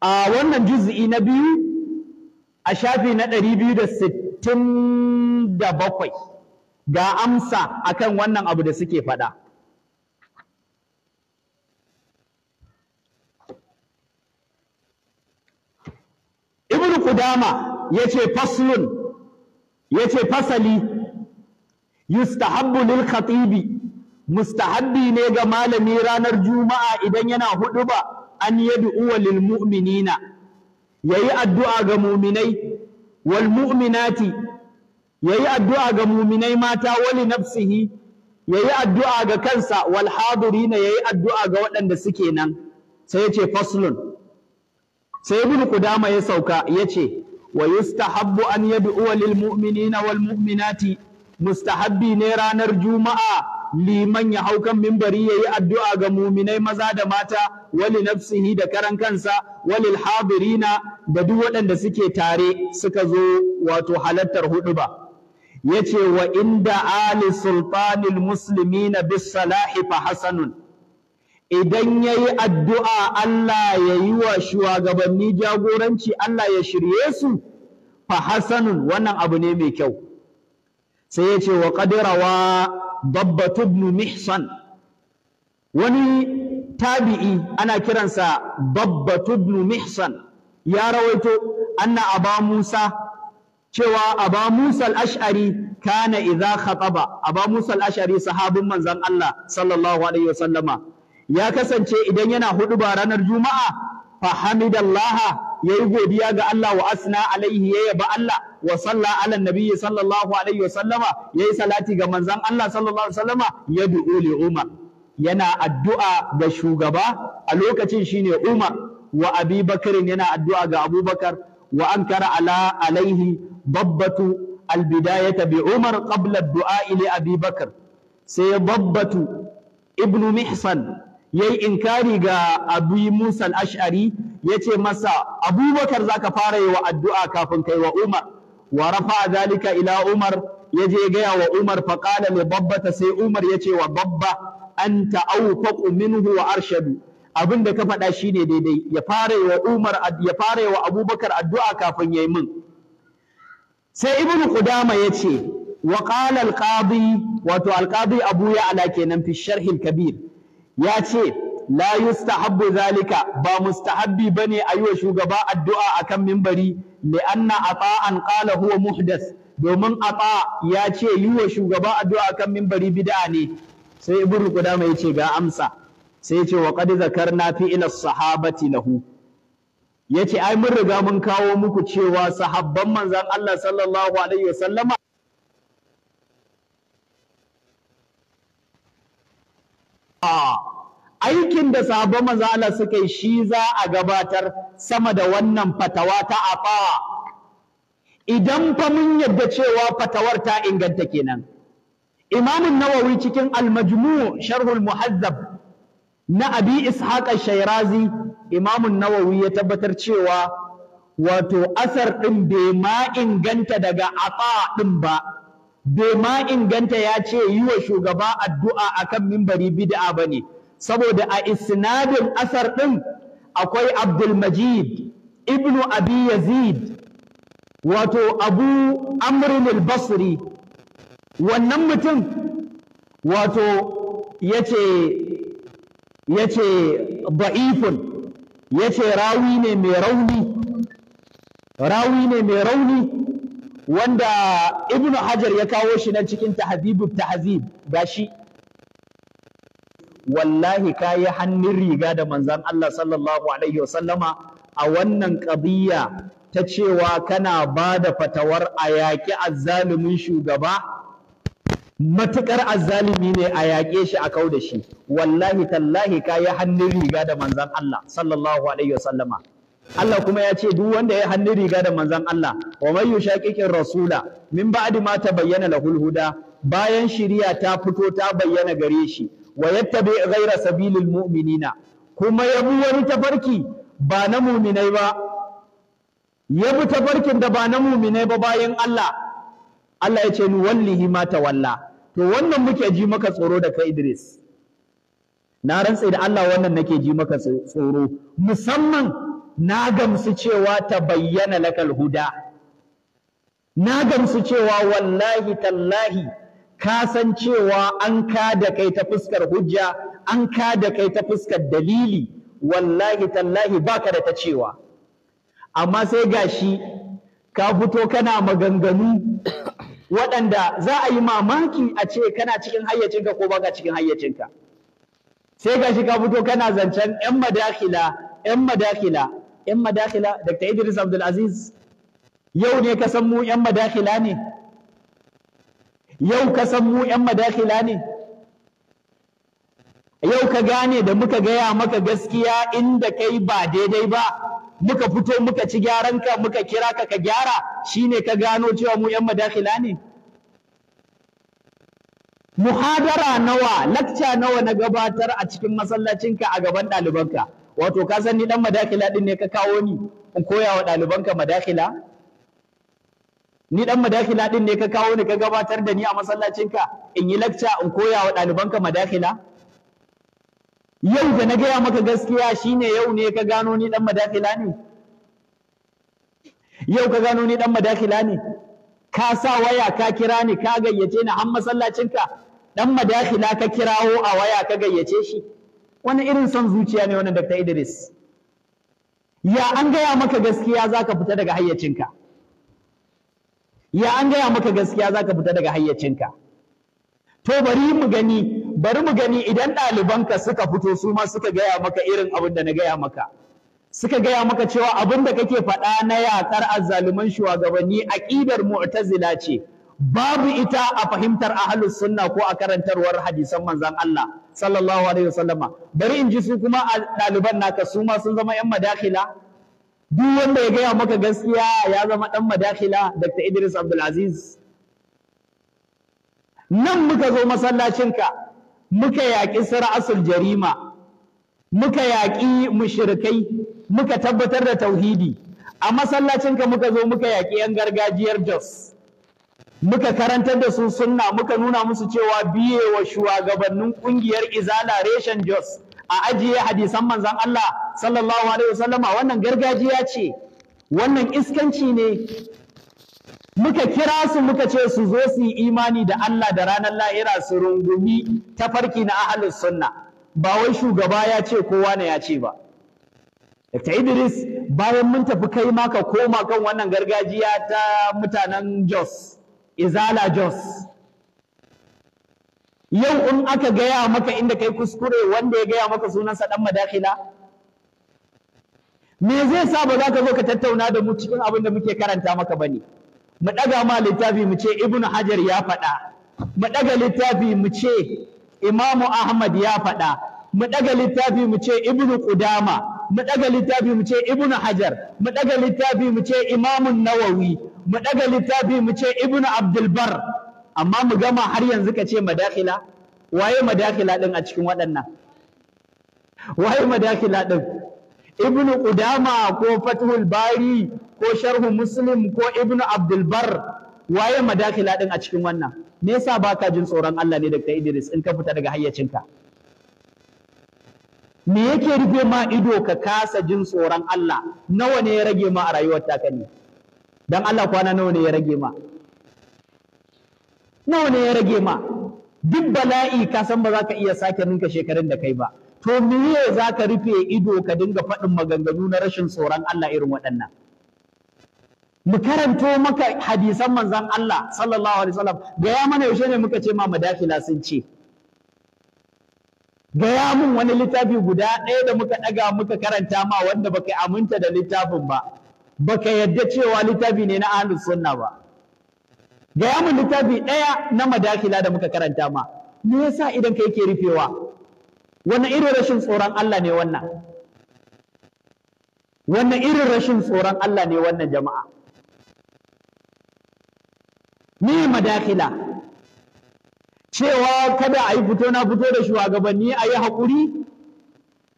a wannan juz'i na biyu a shafi na ɗari biyu da sittin da bakwai ga amsa akan wannan abu da suke faɗa ibnu kudama ya ce fasali yustahabbu lil khatibi mustahabbi ne ga malami ranar juma'a idan yana ba, an yad'uwa lil Ya yayi addu'a ga mu'minai wal mu'minati yayi addu'a ga mu'minai mata wali nafsihi yayi addu'a ga kansa wal ya yayi addu'a ga waɗanda suke nan sai yace faslun sai bin kudama ya sauka yace wa yustahabbu an yad'uwa lil mu'minina wal mu'minati mustahabbi ne ranar juma'a liman ya hau kan mimbari ya yi addu'a ga muminai maza da mata wali nafsihi da karan kansa walil da duk waɗanda suke tare suka zo wato halattar hudu ba ya ce wa inda ali sultanil musulmi na bisalahi fa hasanun idan ya yi addu'a Allah ya yi wa shugabanni jagoranci Allah ya shirye su fa hasanun wannan abu ne mai kyau sai ya ce wa qadirawa dabbatu mihsan wani tabi'i ana kiransa dabbatu ibn mihsan ya rawaito anna aba musa cewa aba musa ashari kana idza khataba aba musa al-ash'ari sahabin manzon Allah sallallahu alaihi wasallama ya kasance idan yana ba ranar juma'a fa hamidallaha yayi godiya ga Allah wa asna alaihi ya yaba Allah wa salla ala nabiyyi sallallahu alaihi wa sallama yayi salati ga manzon Allah sallallahu alaihi wa sallama yad'u li Umar yana addu'a ga shugaba a lokacin shine Umar wa Abi Bakr yana addu'a ga Abubakar wa ankara ala alaihi babbatu albidayata bi Umar qabla ad-du'a li Abi Bakr sai babbatu ibnu Mihsan yayi inkari ga abu Musa al-Ash'ari yace masa Abubakar zaka fara yi wa addu'a kafin kai wa Umar wa rafa zalika ila umar ya je gaya wa umar fa qala li babbata sai umar ya ce wa babba anta awfaqu minhu wa arshadu abinda ka faɗa shine daidai ya fara wa umar ya wa abubakar addu'a kafin yayi min sai ibnu qudama yace wa qala al wato al Abuya ala kenan fi sharh Kabir. kabir ce, la yustahabbu zalika ba mustahabbi bane ayi wa shugaba addu'a akan minbari li'anna an qala huwa muhdas domin ata ya ce yi wa shugaba addu'a kan mimbari bid'a ne sai ibnu qudama ya ce ga amsa sai ya ce wa qad zakarna fi ila sahabati lahu yace ai mun riga mun kawo muku cewa sahabban manzon Allah sallallahu alaihi wasallama ah aikin da sahabban manzo suka yi shi za a gabatar sama da wannan fatawa ta afa idan fa mun yadda cewa fatawar ta inganta kenan Imam Nawawi cikin Al-Majmu' Sharhul Muhazzab na Abi Ishaq Shairazi Imam Nawawi ya tabbatar cewa wato asar din bai ma inganta daga afa din ba bai ma inganta ya ce yi wa shugaba addu'a akan mimbari bid'a bane saboda a isnadin asar ɗin akwai abdulmajid ibnu abi yazid wato abu amrin basri wannan mutum wato yace yace yace rawi ne mai rauni rawi ne mai rauni wanda ibnu hajar ya kawo shi nan cikin tahzibut tahzib ba shi wallahi ka yi hannun riga da manzan Allah sallallahu alaihi wasallama a wannan ƙabiya ta cewa kana ba da fatawar a yaƙi azzalumin shugaba matuƙar azzalumi ne a yaƙe shi a kau da shi wallahi tallahi ka yi hannun riga da manzan Allah sallallahu alaihi wasallama Allah kuma ya ce duk wanda ya hannun riga da manzan Allah wa man yushaqiqir rasula min ba'di ma tabayyana lahul huda bayan shiriya ta fito ta bayyana gare shi wa yattabi ghaira sabilil mu'minina kuma ya bi wani tafarki ba na muminai ba Yabu tafarkin da ba na muminai ba bayan Allah Allah ya ce ni wallihi ma tawalla to wannan muke ji maka tsoro da kai Idris na rantse da Allah wannan nake ji maka tsoro musamman na gamsu cewa ta bayyana lakal huda na gamsu cewa wallahi tallahi ka san cewa an ka da kai ta fuskar hujja an ka da kai ta fuskar dalili wallahi tallahi baka da ta cewa amma sai gashi ka fito kana maganganu waɗanda za a yi mamaki a ce kana cikin hayyacinka ko baka cikin hayyacinka sai gashi ka fito kana zancen 'yan madakila 'yan madakila 'yan madakila dr idris abdulaziz yau ne ka san mu 'yan madakila ne yau ka san mu 'yan madakila ne yau ka gane da muka gaya maka gaskiya inda kai ba daidai ba muka fito muka ci gyaran ka, muka kira ka ka gyara shine ka gano cewa mu 'yan madakila ne muhadara nawa lakca nawa na gabatar a cikin masallacinka a gaban ɗalibanka wato ka san ni dan madakila din ne ka kawo ni in koya wa ɗalibanka madakila ni dan madakila din ne ka kawo ni ka gabatar da ni a masallacinka in yi lakca in koya wa ɗalibanka madakila yau da na gaya maka gaskiya shine yau ne ka gano ni dan madakila ne yau ka gano ni dan madakila ne ka sa waya ka kira ni ka gayyace ni har masallacinka dan madakila ka kirawo a waya ka gayyace shi wani irin son zuciya ne wannan Dr. Idris ya an gaya maka gaskiya zaka fita daga hayyacinka ya an gaya maka gaskiya za ka fita daga hayyacinka to bari mu gani bari mu gani idan ɗalibanka suka fito su ma suka gaya maka irin abin da na gaya maka suka gaya maka cewa abin da kake faɗa na yaƙar azzaluman shugabanni aƙidar mu'tazila ce babu ita a fahimtar ahlus sunna ko a karantarwar hadisan manzon Allah sallallahu alaihi wasallama bari in ji su kuma ɗaliban naka su ma sun zama yan madakhila duk wanda ya gaya maka gaskiya ya zama ɗan madakila Dr. Idris Abdulaziz nan muka zo masallacinka muka yaƙi sira'asul jarima muka yaƙi mushrikai muka tabbatar da tauhidi a masallacinka muka zo muka yaƙi 'yan gargajiyar Jos muka karantar da su sunna muka nuna musu cewa biye wa shugabannin ƙungiyar izala reshen Jos a ajiye hadisan manzon Allah sallallahu alaihi wasallama wannan gargajiya ce wannan iskanci ne muka kira su muka ce su zo su yi imani da Allah da ranar lahira su rungumi tafarki na ahlus sunna ba wai shugaba ya ce kowa ne ya ce ba Dr. Idris bayan mun tafi kai ma ka koma kan wannan gargajiya ta mutanen Jos Izala Jos yau in aka gaya maka inda kai kuskure wanda ya gaya maka sunansa dan madakila me zai sa ba za ka zo ka tattauna da mu cikin abin da muke karanta maka bane mu daga ma littafi mu ce ibnu hajar ya faɗa mu daga littafi mu ce imamu ahmad ya faɗa mu daga littafi mu ce ibnu qudama mu daga littafi mu ce ibnu hajar mu daga littafi mu ce imamu nawawi mu daga littafi mu ce ibnu abdul bar amma mu gama har yanzu ka ce madakhila waye madakhila din a cikin waɗannan waye madakhila din ibnu qudama ko fathul bari ko sharhu muslim ko ibnu abdul bar waye madakila din a cikin wannan me yasa baka jin tsoron Allah ne Dr. Idris in ka fita daga hayyacinka me yake rufe ma ido ka kasa jin tsoron Allah nawa ne ya rage ma a rayuwar ta ne dan Allah kwana nawa ne ya rage ma nawa ne ya rage ma duk bala'i ka san ba za ka iya sake ninka shekarun da kai ba to miye za ka rufe ido ka dinga faɗin maganganu na rashin tsoron Allah irin waɗannan mu karanto maka hadisan manzon Allah sallallahu alaihi wasallam gaya mana yaushe ne muka ce ma madafila sun ce gaya mun wani littafi guda ɗaya da muka ɗaga muka karanta ma wanda baka aminta da littafin ba baka yadda cewa littafi ne na ahlus sunna ba gaya mun littafi ɗaya na madakila da muka karanta ma me yasa idan ka ke rufewa wannan irin rashin tsoron Allah ne wannan wannan irin rashin tsoron Allah ne wannan jama'a ni madakila cewa kada a yi fito na fito da shugabanni a yi haƙuri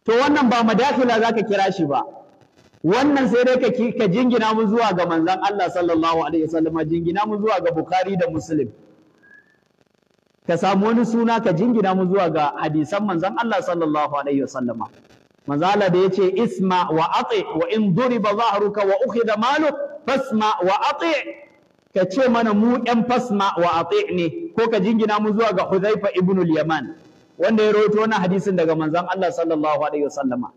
to wannan ba madakila za ka kira shi ba wannan sai dai ka jingina mu zuwa ga manzon Allah sallallahu alaihi wasallam jingina mu zuwa ga Bukhari da Muslim ka samu wani suna ka jingina mu zuwa ga hadisan manzon Allah sallallahu alaihi wasallam manzon Allah da yace isma wa ati wa in duriba zahruka wa ukhidha maluk fasma wa ati ka ce mana mu yan fasma wa ati ne ko ka jingina mu zuwa ga Hudhaifa ibn al-Yaman wanda ya rawaito wannan hadisin daga manzon Allah sallallahu alaihi wasallama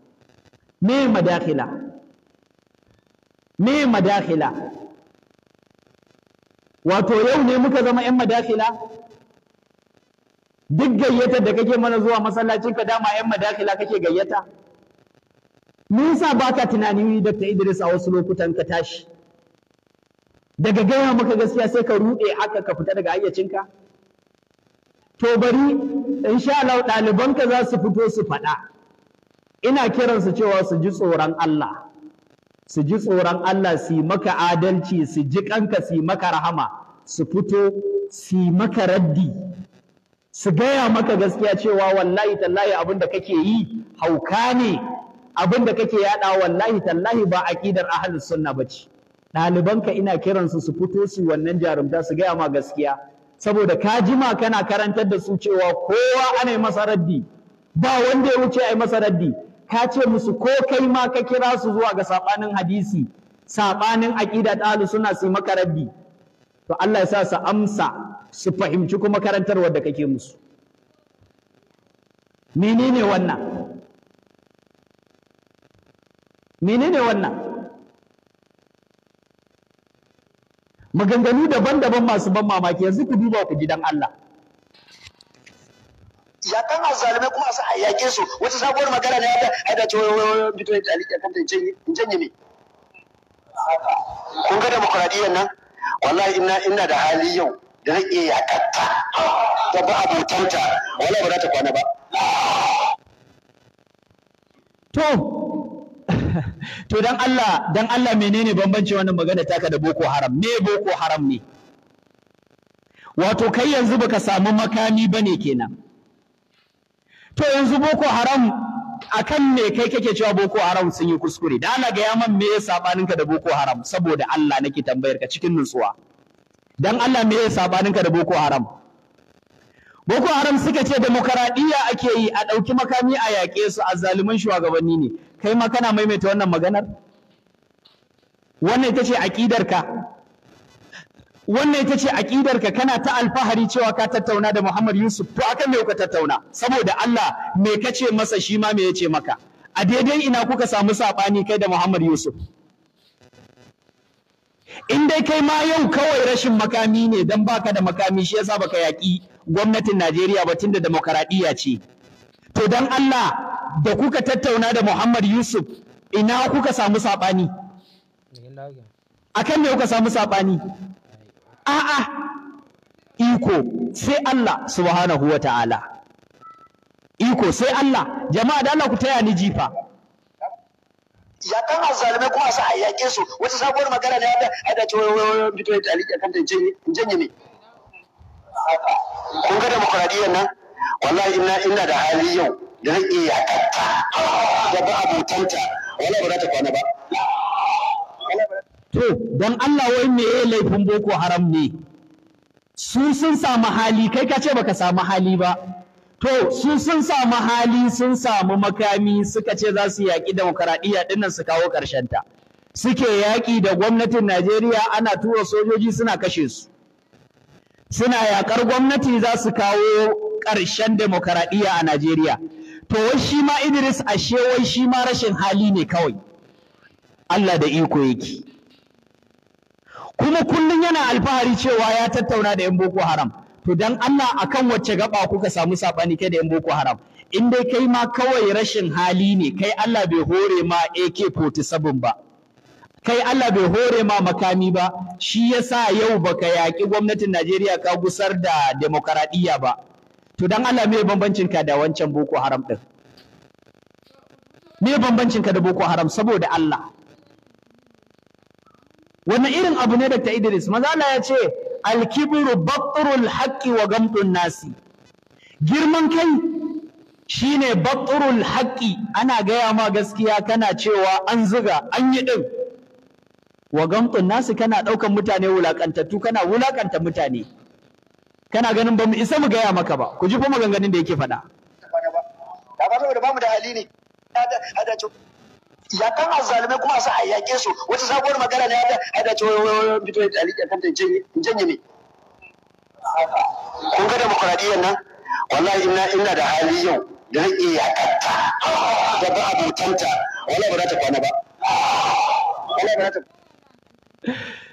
me madakhila me madakhila wato yau ne muka zama 'yan madakhila duk gayyatar da kake mana zuwa masallacin ka dama 'yan madakhila kake gayyata me ba baka tunani Dr. Idris a wasu lokutan ka tashi daga gaya maka gaskiya sai ka ruɗe haka ka fita daga hayyacinka to bari insha Allah ɗalibanka za su fito su faɗa ina kiransu cewa su ji tsoron Allah su ji tsoron Allah su maka adalci su ji kanka su maka rahama su fito su maka raddi su gaya maka gaskiya cewa wallahi tallahi abin da kake yi hauka ne abin da kake yada wallahi tallahi ba aqidar ahlus sunna bace ɗalibanka ina kiransu su fito su wannan jarumta su gaya ma gaskiya saboda ka jima kana karantar da su cewa kowa ana masaraddi ba wanda ya wuce ai masaraddi. masa raddi ka ce musu ko kai ma ka kira su zuwa ga sabanin hadisi saɓanin aƙida dalu suna su maka to Allah ya sa su amsa su fahimci kuma karantarwar da kake musu menene wannan menene wannan maganganu daban-daban masu ban mamaki yanzu ku duba ku gidan Allah yakan azzalume kuma a sa a yaƙe su wata sabuwar magana ne ya da ce wani bito ya tali kan ta in janye ne kun ga demokradiyyar nan wallahi ina ina da hali yau da zan iya yakatta da ba abotanta wallahi ba za ta kwana ba to to dan Allah dan Allah menene bambanci wannan magana taka da boko haram me boko haram ne wato kai yanzu baka samu makami bane kenan to yanzu boko haram akan me kai kake cewa boko haram sun yi kuskure da ana ga yaman me ya sabaninka da boko haram saboda Allah nake tambayar ka cikin nutsuwa dan Allah me ya sabaninka da boko haram boko haram suka ce demokaradiyya ake yi a ɗauki makami a yaƙe su a zaluman shugabanni ne kai ma kana maimaita wannan maganar wannan ita ce aƙidarka wannan ita ce ka kana ta alfahari cewa ka tattauna da Muhammad Yusuf to akan me kuka tattauna saboda Allah me kace masa shi ma me yace maka a daidai ina kuka samu sabani kai da Muhammad Yusuf in dai kai ma yau kawai rashin makami ne dan baka da makami shi yasa baka yaƙi gwamnatin Najeriya ba tunda demokaradiyya ce to dan Allah da kuka tattauna da Muhammad Yusuf ina kuka samu sabani akan me kuka samu sabani a'a iko sai Allah subhanahu wa ta'ala iko sai Allah jama'a da Allah ku taya ni jifa yakan azzalume kuma sa a yaƙe su wata sabuwar magana ne ya da ce wai fito ya tsali kan da janye ne kun ga demokradiyyar nan wallahi ina ina da hali yau da nake iya da ba abotanta wallahi ba za ta kwana ba to don Allah wai me ya laifin boko haram ne su sun samu hali kai ka ce baka samu hali ba to su sun samu hali sun samu makami suka ce za su yaƙi demokaradiyya dinnan su kawo ƙarshen ta suke yaƙi da gwamnatin Najeriya ana tura sojoji suna kashe su suna yaƙar gwamnati za su kawo ƙarshen demokaraɗiyya a Najeriya to wai shi ma Idris ashe wai shi ma rashin hali ne kawai Allah da iko yake kuma kullum yana alfahari cewa ya tattauna da 'yan boko haram to dan Allah akan wacce gaba kuka samu sabani kai da 'yan boko haram in dai kai ma kawai rashin hali ne kai Allah bai hore ma AK47 ba kai Allah bai hore ma makami ba shi yasa yau baka yaƙi gwamnatin Najeriya ka gusar da demokaradiyya ba to dan Allah me bambancin ka da wancan boko haram din me bambancin ka da boko haram saboda Allah wannan irin abu ne Dr. Idris mazala ya ce alkibru batturul haƙƙi wa gamdun nasi girman kai shine batturul haƙƙi. ana gaya ma gaskiya kana cewa an zuga an yi ɗin. wa gamdun nasi kana daukan mutane wulaƙantattu? kana wulaƙanta mutane kana ganin ba mu isa mu gaya maka ba ku ji fa maganganun da yake faɗa. Ba ba saboda ba mu da hali ne. ya kan azzalume kuma sa a yaƙe su wace sabuwar magana ne ya da cewa fito da alƙiyar kanta janye ne kun ga demokuraɗiyyar nan wallahi ina ina da hali yau da zan iya yaƙarta da ba abutanta wallahi ba za ta kwana ba wallahi ba za ta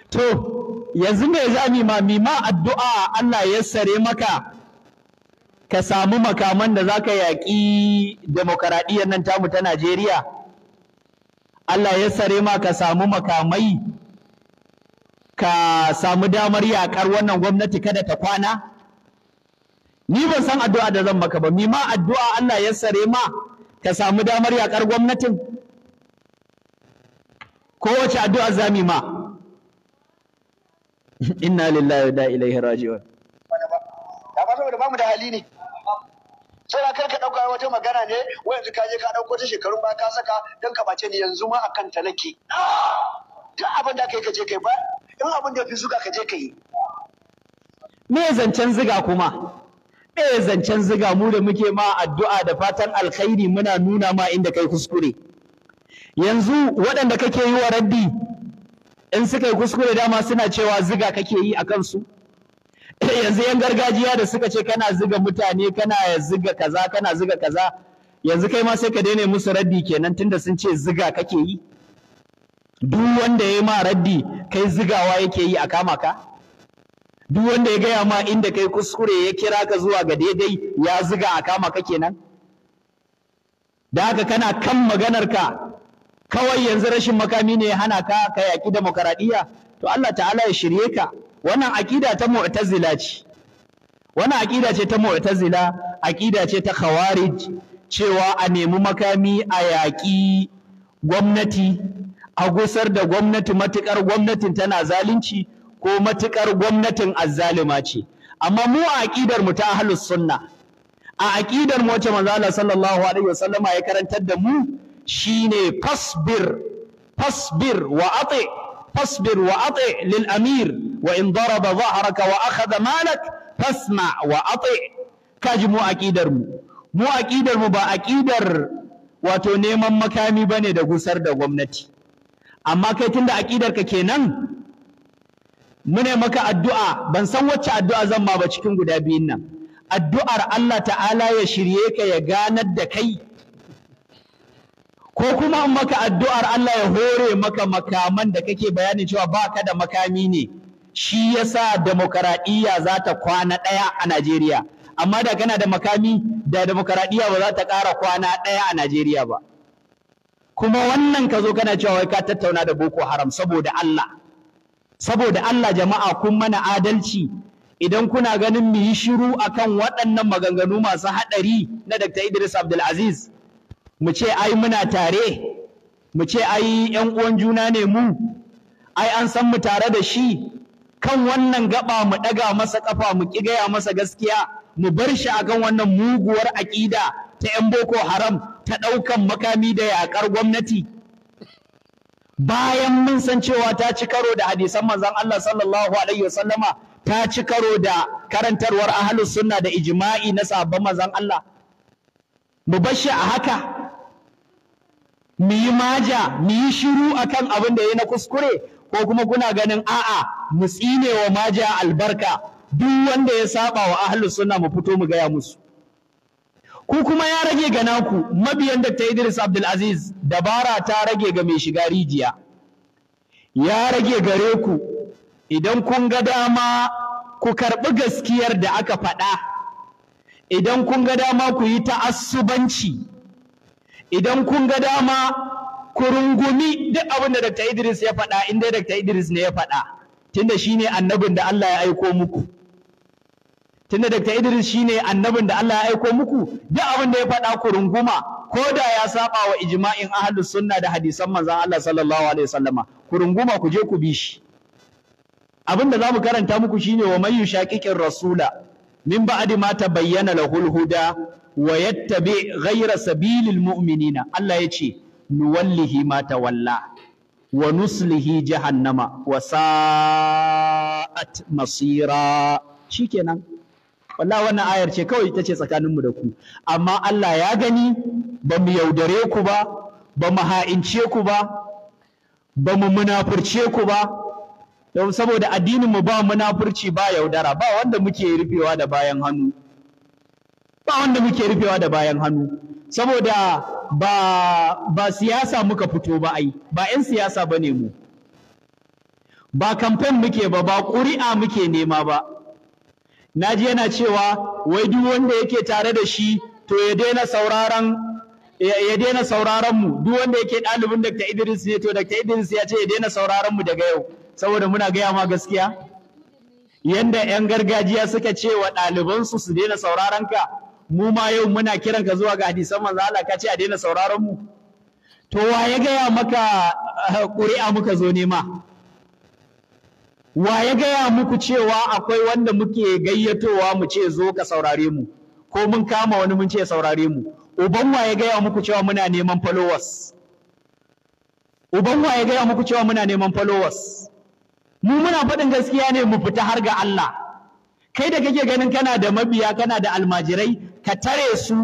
to yanzu me za a ma mi ma addu'a Allah ya sare maka ka samu makaman da zaka yaƙi demokaradiyyar nan tamu ta Najeriya Allah ya sare ma ka samu makamai ka samu damar yaƙar wannan gwamnati kada ta kwana ni ban san addu'a da zan maka ba mi ma addu'a Allah ya sare ma ka samu damar yaƙar gwamnatin kowace addu'a za ma inna lillahi wa inna ilaihi raji'un ba saboda ba mu da hali ne sai kar ka dauka wata magana ne wai yanzu ka je ka dauko ta shekarun ba ka saka dan ka bace ni yanzu ma akan ta nake duk abin da kai ka je kai ba in abin da fi zuga ka je kai me zancen ziga kuma me zancen ziga mu da muke ma addu'a da fatan alkhairi muna nuna ma inda kai kuskure yanzu waɗanda kake yi wa raddi in suka yi kuskure dama suna cewa ziga kake yi a kansu yanzu yan gargajiya da suka ce kana ziga mutane kana ziga kaza kana ziga kaza yanzu kai ma sai ka daina musu raddi kenan tunda sun ce ziga kake yi duk wanda ya ma raddi kai zigawa yake yi a kama ka duk wanda ya gaya ma inda kai kuskure ya kira ka zuwa ga daidai ya ziga a kama ka kenan da haka kana kan maganarka kawai yanzu rashin makami ne ya hana ka ka yaƙi demokaradiyya to Allah ta'ala ya shirye ka wannan aƙida ta mu'tazila ce wannan aƙida ce ta mu'tazila aƙida ce ta khawarij cewa a nemi makami a yaƙi gwamnati a gusar da gwamnati matuƙar gwamnatin tana zalunci ko matuƙar gwamnatin azzalima ce amma mu a aƙidar mu ta ahlus sunna a aƙidar mu wacce manzo Allah sallallahu alaihi wasallama ya karantar da mu shine fasbir fasbir wa ati' فاصبر وأطع للأمير وإن ضرب ظهرك وأخذ مالك فاسمع وأطع كاجي مو أكيدر مو Mu أكيدر مو با أكيدر wato neman makami bane da gusar da gwamnati amma kai tunda akidar ka kenan mune maka addu'a ban san wacce addu'a zan ba ba cikin guda biyun nan addu'ar Allah ta'ala ya shirye ka ya ganar da kai ko kuma in maka addu'ar Allah ya hore maka makaman da kake bayani cewa ba ka da makami ne shi yasa demokaradiyya za ta kwana ɗaya a Najeriya amma da kana da makami da demokaradiyya ba za ta ƙara kwana ɗaya a Najeriya ba kuma wannan ka zo kana cewa wai ka tattauna da Boko Haram saboda Allah saboda Allah jama'a kun mana adalci idan kuna ganin mu yi shiru akan waɗannan maganganu masu haɗari na Dr. Idris Abdulaziz mu ce ai muna tare mu ce ai ‘yan uwan juna ne mu ai an san mu tare da shi kan wannan gaba mu ɗaga masa ƙafa mu ƙi gaya masa gaskiya mu bar shi akan wannan muguwar aƙida ta ‘yan boko haram ta ɗaukan makami da yaƙar gwamnati bayan mun san cewa ta ci karo da hadisan manzon Allah sallallahu alaihi wasallama ta ci karo da karantarwar ahlus sunna da ijma'i na sahabban manzon Allah mu bar shi a haka mu yi maja mu yi shiru akan abin da ya na kuskure ko kuma kuna ganin a'a mu tsine wa maja albarka duk wanda ya saba wa ahlus sunna mu fito mu gaya musu ku kuma ya rage ga naku mabiyan da ta Idris Abdul Aziz dabara ta rage ga mai shiga rijiya ya rage gare ku idan kun ga dama ku karɓi gaskiyar da aka faɗa idan kun ga dama ku yi ta'assubanci idan kun ga dama ku rungumi duk abin da Dr. Idris ya faɗa in dai Dr. Idris ne ya faɗa tunda shine annabin da Allah ya aiko muku tunda Dr. Idris shine annabin da Allah ya aiko muku duk abin da ya faɗa ku runguma ko da ya saba wa ijma'in ahlus sunna da hadisan manzon Allah sallallahu alaihi wasallama ku runguma ku je ku bi shi abin da zamu karanta muku shine wa may yushaqiqir rasula min ba'di ma tabayyana lahul huda wa yattabi ghayra sabilil mu'minina Allah yace nuwallihi ma tawalla wa nuslihi jahannama wa sa'at masira shikenan wallahi wannan ayar ce kawai ita ce mu da ku amma Allah ya gani ba mu yaudare ku ba ba mu ha'ince ku ba ba mu munafurce ku ba don saboda mu ba munafurci ba yaudara ba wanda muke rufewa da bayan hannu ba wanda muke rufewa da bayan hannu saboda ba ba siyasa muka fito ba ai ba 'yan siyasa ba ne mu ba kamfen muke ba ba ƙuri'a muke nema ba Na ji yana cewa wai duk wanda yake tare da shi to ya daina sauraron ya daina sauraron mu duk wanda yake ɗalibin Dr. Idris ne to Dr. Idris ya ce ya daina sauraron mu daga yau saboda muna gaya ma gaskiya yanda 'yan gargajiya suka ce wa ɗalibansu su daina sauraron ka mu ma yau muna kiran ka zuwa ga hadisan manzo Allah ka ce a daina sauraron mu to wa ya gaya maka eh, ƙuri'a muka zo nema wa ya gaya muku cewa akwai wanda muke gayyatowa mu ce zo ka saurare mu ko mun kama wani mun ce saurare mu uban wa ya gaya muku cewa muna neman followers uban wa ya gaya muku cewa muna neman followers mu muna faɗin gaskiya ne mu fita har ga Allah kai da kake ganin kana da mabiya kana da almajirai ka tare su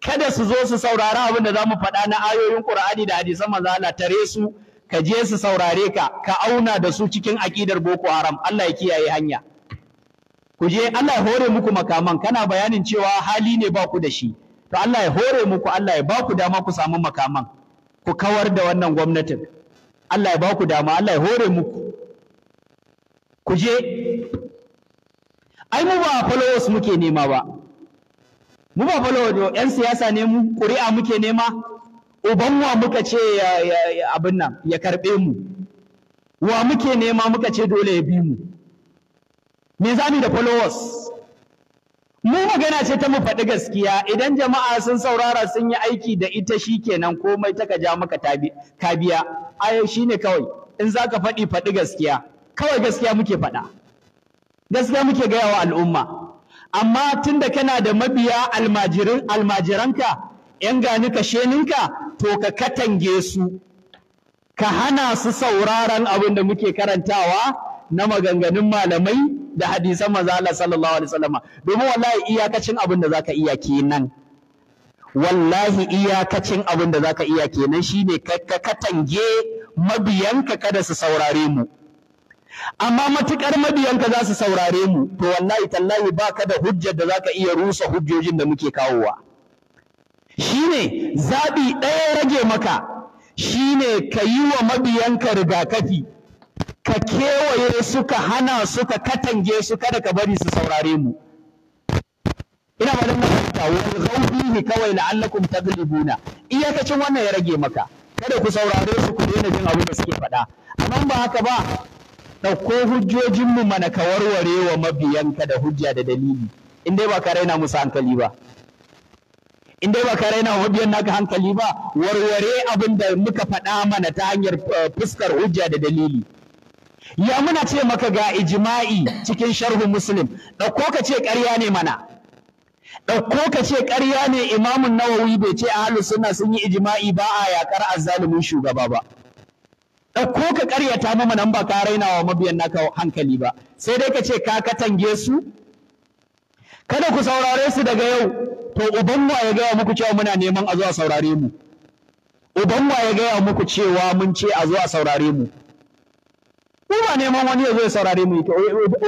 kada su zo su saurari abin da za mu faɗa na ayoyin Qur'ani da hadisan manzo Allah tare su ka je su saurare ka ka auna da su cikin aƙidar Boko Haram Allah ya kiyaye hanya ku je Allah ya hore muku makaman kana bayanin cewa hali ne ba ku da shi to Allah ya hore muku Allah ya ba ku dama ku samu makaman ku kawar da wannan gwamnatin Allah ya ba ku dama Allah ya hore muku ku je ai mu ba followers muke nema ba mu ba falo yan siyasa ne mu ƙuri'a muke nema uban wa muka ce abin nan ya karɓe mu wa muke nema muka ce dole ya bi mu me za mu da followers mu magana ce ta mu faɗi gaskiya idan jama'a sun saurara sun yi aiki da ita shi kenan komai ta ka ja maka kabiya shi shine kawai in za ka faɗi faɗi gaskiya kawai gaskiya muke faɗa gaskiya muke gaya wa al'umma amma tunda kana da mabiya almajiranka ‘yan gani kasheninka to ka katange su ka hana su sauraron abin da muke karantawa na maganganun malamai da hadisan manzala sallallahu alaihi wasallam domin wallahi iyakacin abin da zaka iya kenan wallahi iyakacin abin da zaka iya kenan shine ka katange mabiyanka kada su saurare mu amma matuƙar mabiyanka za su saurare mu to wallahi tallahi ka da hujjar da za ka iya rusa hujjojin da muke kawowa shine zaɓi ɗaya rage maka shine ka yi wa mabiyanka rigakafi ka kewaye su ka hana su ka katange su kada ka bari su saurare mu ina ba da mafita wani zaubihi kawai la'allakum tadribuna iyakacin wannan ya rage maka kada ku saurare su ku daina jin abin da suke faɗa amma ba haka ba ɗauko hujjojinmu mana ka warware wa mabiyanka da hujja da dalili in dai ba ka raina musu hankali ba in dai ba ka raina mabiyan naka hankali ba warware abin da muka faɗa mana ta hanyar eh, fuskar hujja da dalili ya muna ce maka ga ijma'i cikin sharhu muslim ɗauko ka ce ƙarya ne mana ɗauko ka ce ƙarya ne imamun nawawi bai ce a halin suna sun yi ijma'i ba a yakar azzalumin shugaba ba ko ka ƙaryata mu nan ba ka raina wa mabiyan naka hankali ba sai dai ka ce ka katange su kada ku saurare su daga yau to mu ya gaya muku cewa muna neman a zuwa a saurare mu mu ya gaya muku cewa mun ce a zuwa a saurare mu mu ba neman wani ya zo ya saurare mu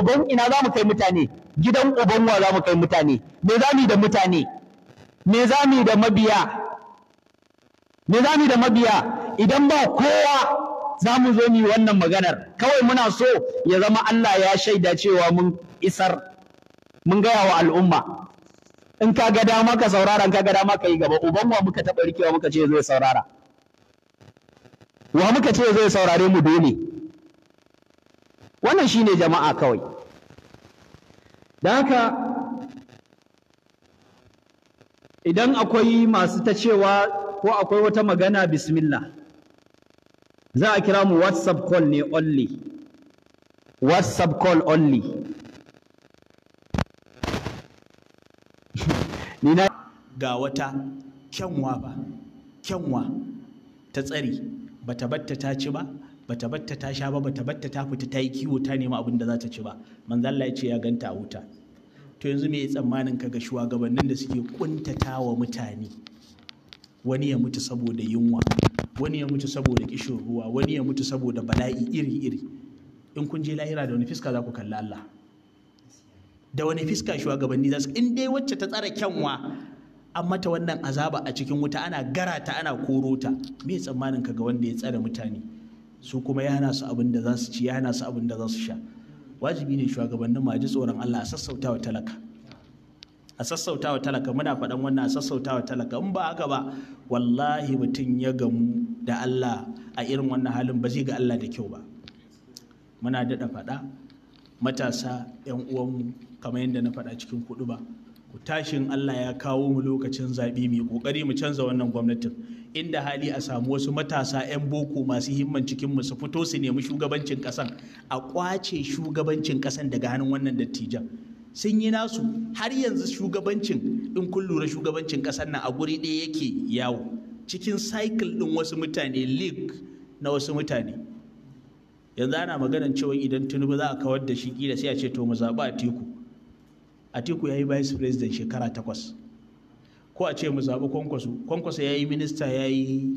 uban ina za mu kai mutane gidan mu za mu kai mutane me za mu da mutane me za mu da mabiya me za mu da mabiya idan ba kowa za mu zo mu yi wannan maganar kawai muna so ya zama Allah ya shaida cewa mun isar mun gaya wa al'umma in ka ga dama ka saurara in ka ga dama ka yi gaba uban wa muka taɓa rikewa muka ce zai saurara wa muka ce zai saurare mu dole wannan shine jama'a kawai da haka idan akwai masu ta cewa ko akwai wata magana bismillah za a kira mu whatsapp call ne only whatsapp call only ga wata kyanwa ba kyanwa ta tsari bata batta ta ci ba bata batta ta sha ba bata batta ta fita ta yi kiwo ta nema abin da za ta ci ba manzo Allah ya ce ya ganta a wuta to yanzu me tsammanin ka ga shugabannin da suke kuntatawa wa mutane wani ya mutu saboda yunwa wani ya mutu saboda kishin ruwa wani ya mutu saboda bala'i iri-iri in kun je lahira da wani fiska za ku kalli Allah da wani fiska shugabanni za su in dai wacce ta tsara kyanwa an mata wannan azaba a cikin wuta ana garata ana koro ta me tsammanin ka ga wanda ya tsare mutane su kuma ya hana su abin da za su ci ya hana su abin da za su sha wajibi ne shugabannin ma ji tsoron Allah a sassauta talaka a sassautawa talaka muna faɗan wannan a sassautawa talaka in ba haka ba wallahi mutum ya gamu da Allah a irin wannan halin ba zai ga Allah da kyau ba muna daɗa faɗa matasa 'yan uwanmu kamar yadda na faɗa cikin kuɗu ba ku tashin Allah ya kawo mu lokacin zaɓe mai ƙoƙari mu canza wannan gwamnatin inda hali a samu wasu matasa 'yan boko masu himman cikin mu su fito su nemi shugabancin ƙasan a ƙwace shugabancin ƙasan daga hannun wannan dattijan sun yi nasu har yanzu shugabancin in kun lura shugabancin ƙasar nan a guri ɗaya yake yawo cikin cycle ɗin wasu mutane league na wasu mutane yanzu ana maganan cewa idan tinubu za a kawar da shi kila sai a ce to mu zaɓi atiku atiku ya yi vice president shekara takwas ko a ce mu zaɓi kwankwaso kwankwaso ya minista ya yi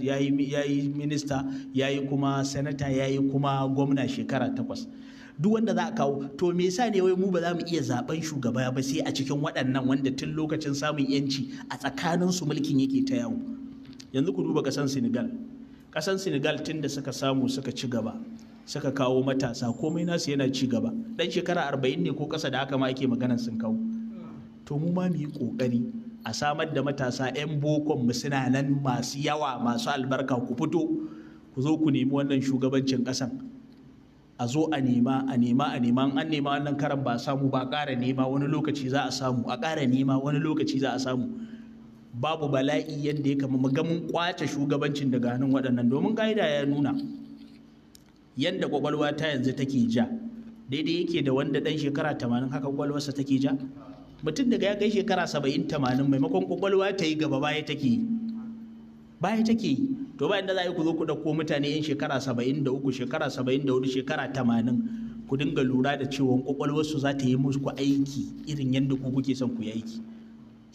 ya yi minista ya yi kuma sanata ya yi kuma gwamna shekara takwas duk wanda za a kawo to me yasa ne wai mu ba za mu iya zaben shugaba ba sai a cikin waɗannan wanda tun lokacin samun yanci a tsakanin su mulkin yake ta yawo yanzu ku duba kasan Senegal kasan Senegal tun da suka samu suka ci gaba suka kawo matasa komai nasu yana ci gaba dan shekara arba'in ne ko kasa da aka ma ake maganar sun kawo to mu ma mu yi ƙoƙari a samar da matasa 'yan bokon mu suna nan masu yawa masu albarka ku fito ku zo ku nemi wannan shugabancin ƙasan a zo a nema a nema a nema an nema wannan karan ba samu ba ƙara nema wani lokaci za a samu a ƙara nema wani lokaci za a samu babu bala'i yadda ya kama magamin kwace shugabancin daga hannun waɗannan domin ga'ida ya nuna yadda kwakwalwa ta yanzu take ja daidai yake da wanda ɗan shekara tamanin haka kwakwalwarsa take ja mutum daga ya kai shekara saba'in tamanin maimakon kwakwalwa ta yi gaba baya take yi baya take yi to ba inda za ku zo ku ɗauko mutane yan shekara saba'in da uku shekara saba'in da hudu shekara tamanin ku dinga lura da cewa kwakwalwarsu za ta yi musu aiki irin yadda ku kuke son ku yi aiki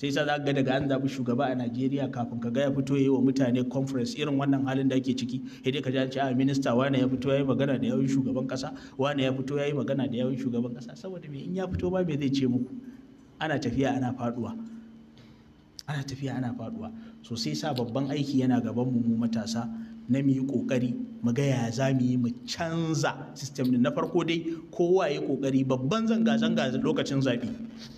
sai sa za ga daga an zaɓi shugaba a najeriya kafin ka ga ya fito yi wa mutane conference irin wannan halin da ake ciki sai ka ji an ce a minista wane ya fito ya yi magana da yawun shugaban kasa wane ya fito ya yi magana da yawun shugaban kasa saboda me in ya fito ba me zai ce muku ana tafiya ana faduwa ana tafiya ana faduwa so sai sa babban aiki yana gaban mu matasa na mu yi kokari mu ga ya za mu yi mu canza system din na farko dai kowa ya kokari babban zanga zanga lokacin zaɓe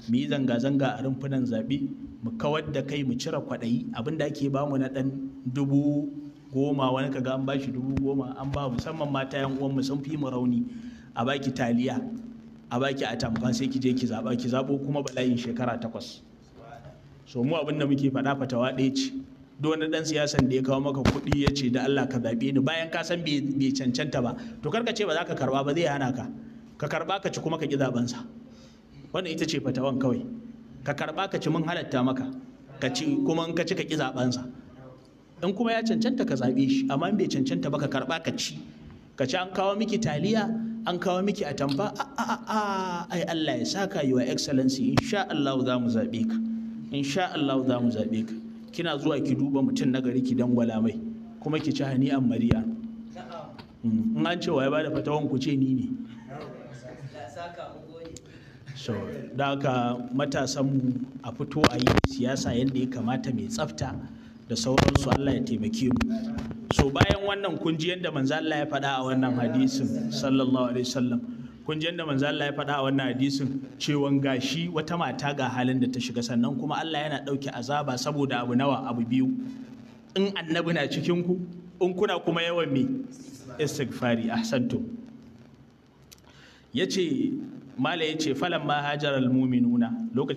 mu yi zanga zanga a rumfunan zaɓe mu kawar da kai mu cire kwaɗayi abin da ake bamu na ɗan dubu goma wani kaga an bashi dubu goma an ba musamman mata yan mu sun fi mu rauni a baki taliya a baki atamfa sai ki je ki zaba ki zabo kuma bala'in shekara takwas so mu abin da muke faɗa fatawa ɗaya ce duk wani ɗan siyasan da ya kawo maka kuɗi ya ce da Allah ka zaɓe ni bayan ka san bai cancanta ba to karka ce ba za ka karɓa ba zai hana ka ka karɓa ka ci kuma ka ƙi zaɓensa wannan ita ce fatawan kawai ka karɓa ka ci mun halatta maka ka ci kuma in ka ci ka ƙi zaɓensa in kuma ya cancanta ka zaɓe shi amma in bai cancanta ba ka karɓa ka ci ka ci an kawo miki taliya an kawo miki atamfa a a a ai Allah ya saka yi wa excellency insha Allah za mu zaɓe ka insha Allah za mu zaɓe ka kina zuwa ki duba mutum na gari ki dangwala mai kuma ki ci hani an mariya mm. in an cewa ya bada fatawan ku ce ni ne so daga matasanmu a fito a yi siyasa yadda ya kamata mai tsafta da sauransu Allah ya taimake mu so bayan wannan kun ji yadda manzo Allah ya faɗa a wannan hadisin sallallahu alaihi wasallam kun ji yadda manzo Allah ya faɗa a wannan hadisin cewa gashi wata mata ga halin da ta shiga sannan kuma Allah yana ɗauke azaba saboda abu nawa abu biyu in annabi na cikin ku in kuna kuma yawan me istighfari ahsantu yace mala yace falan ma hajaral mu'minuna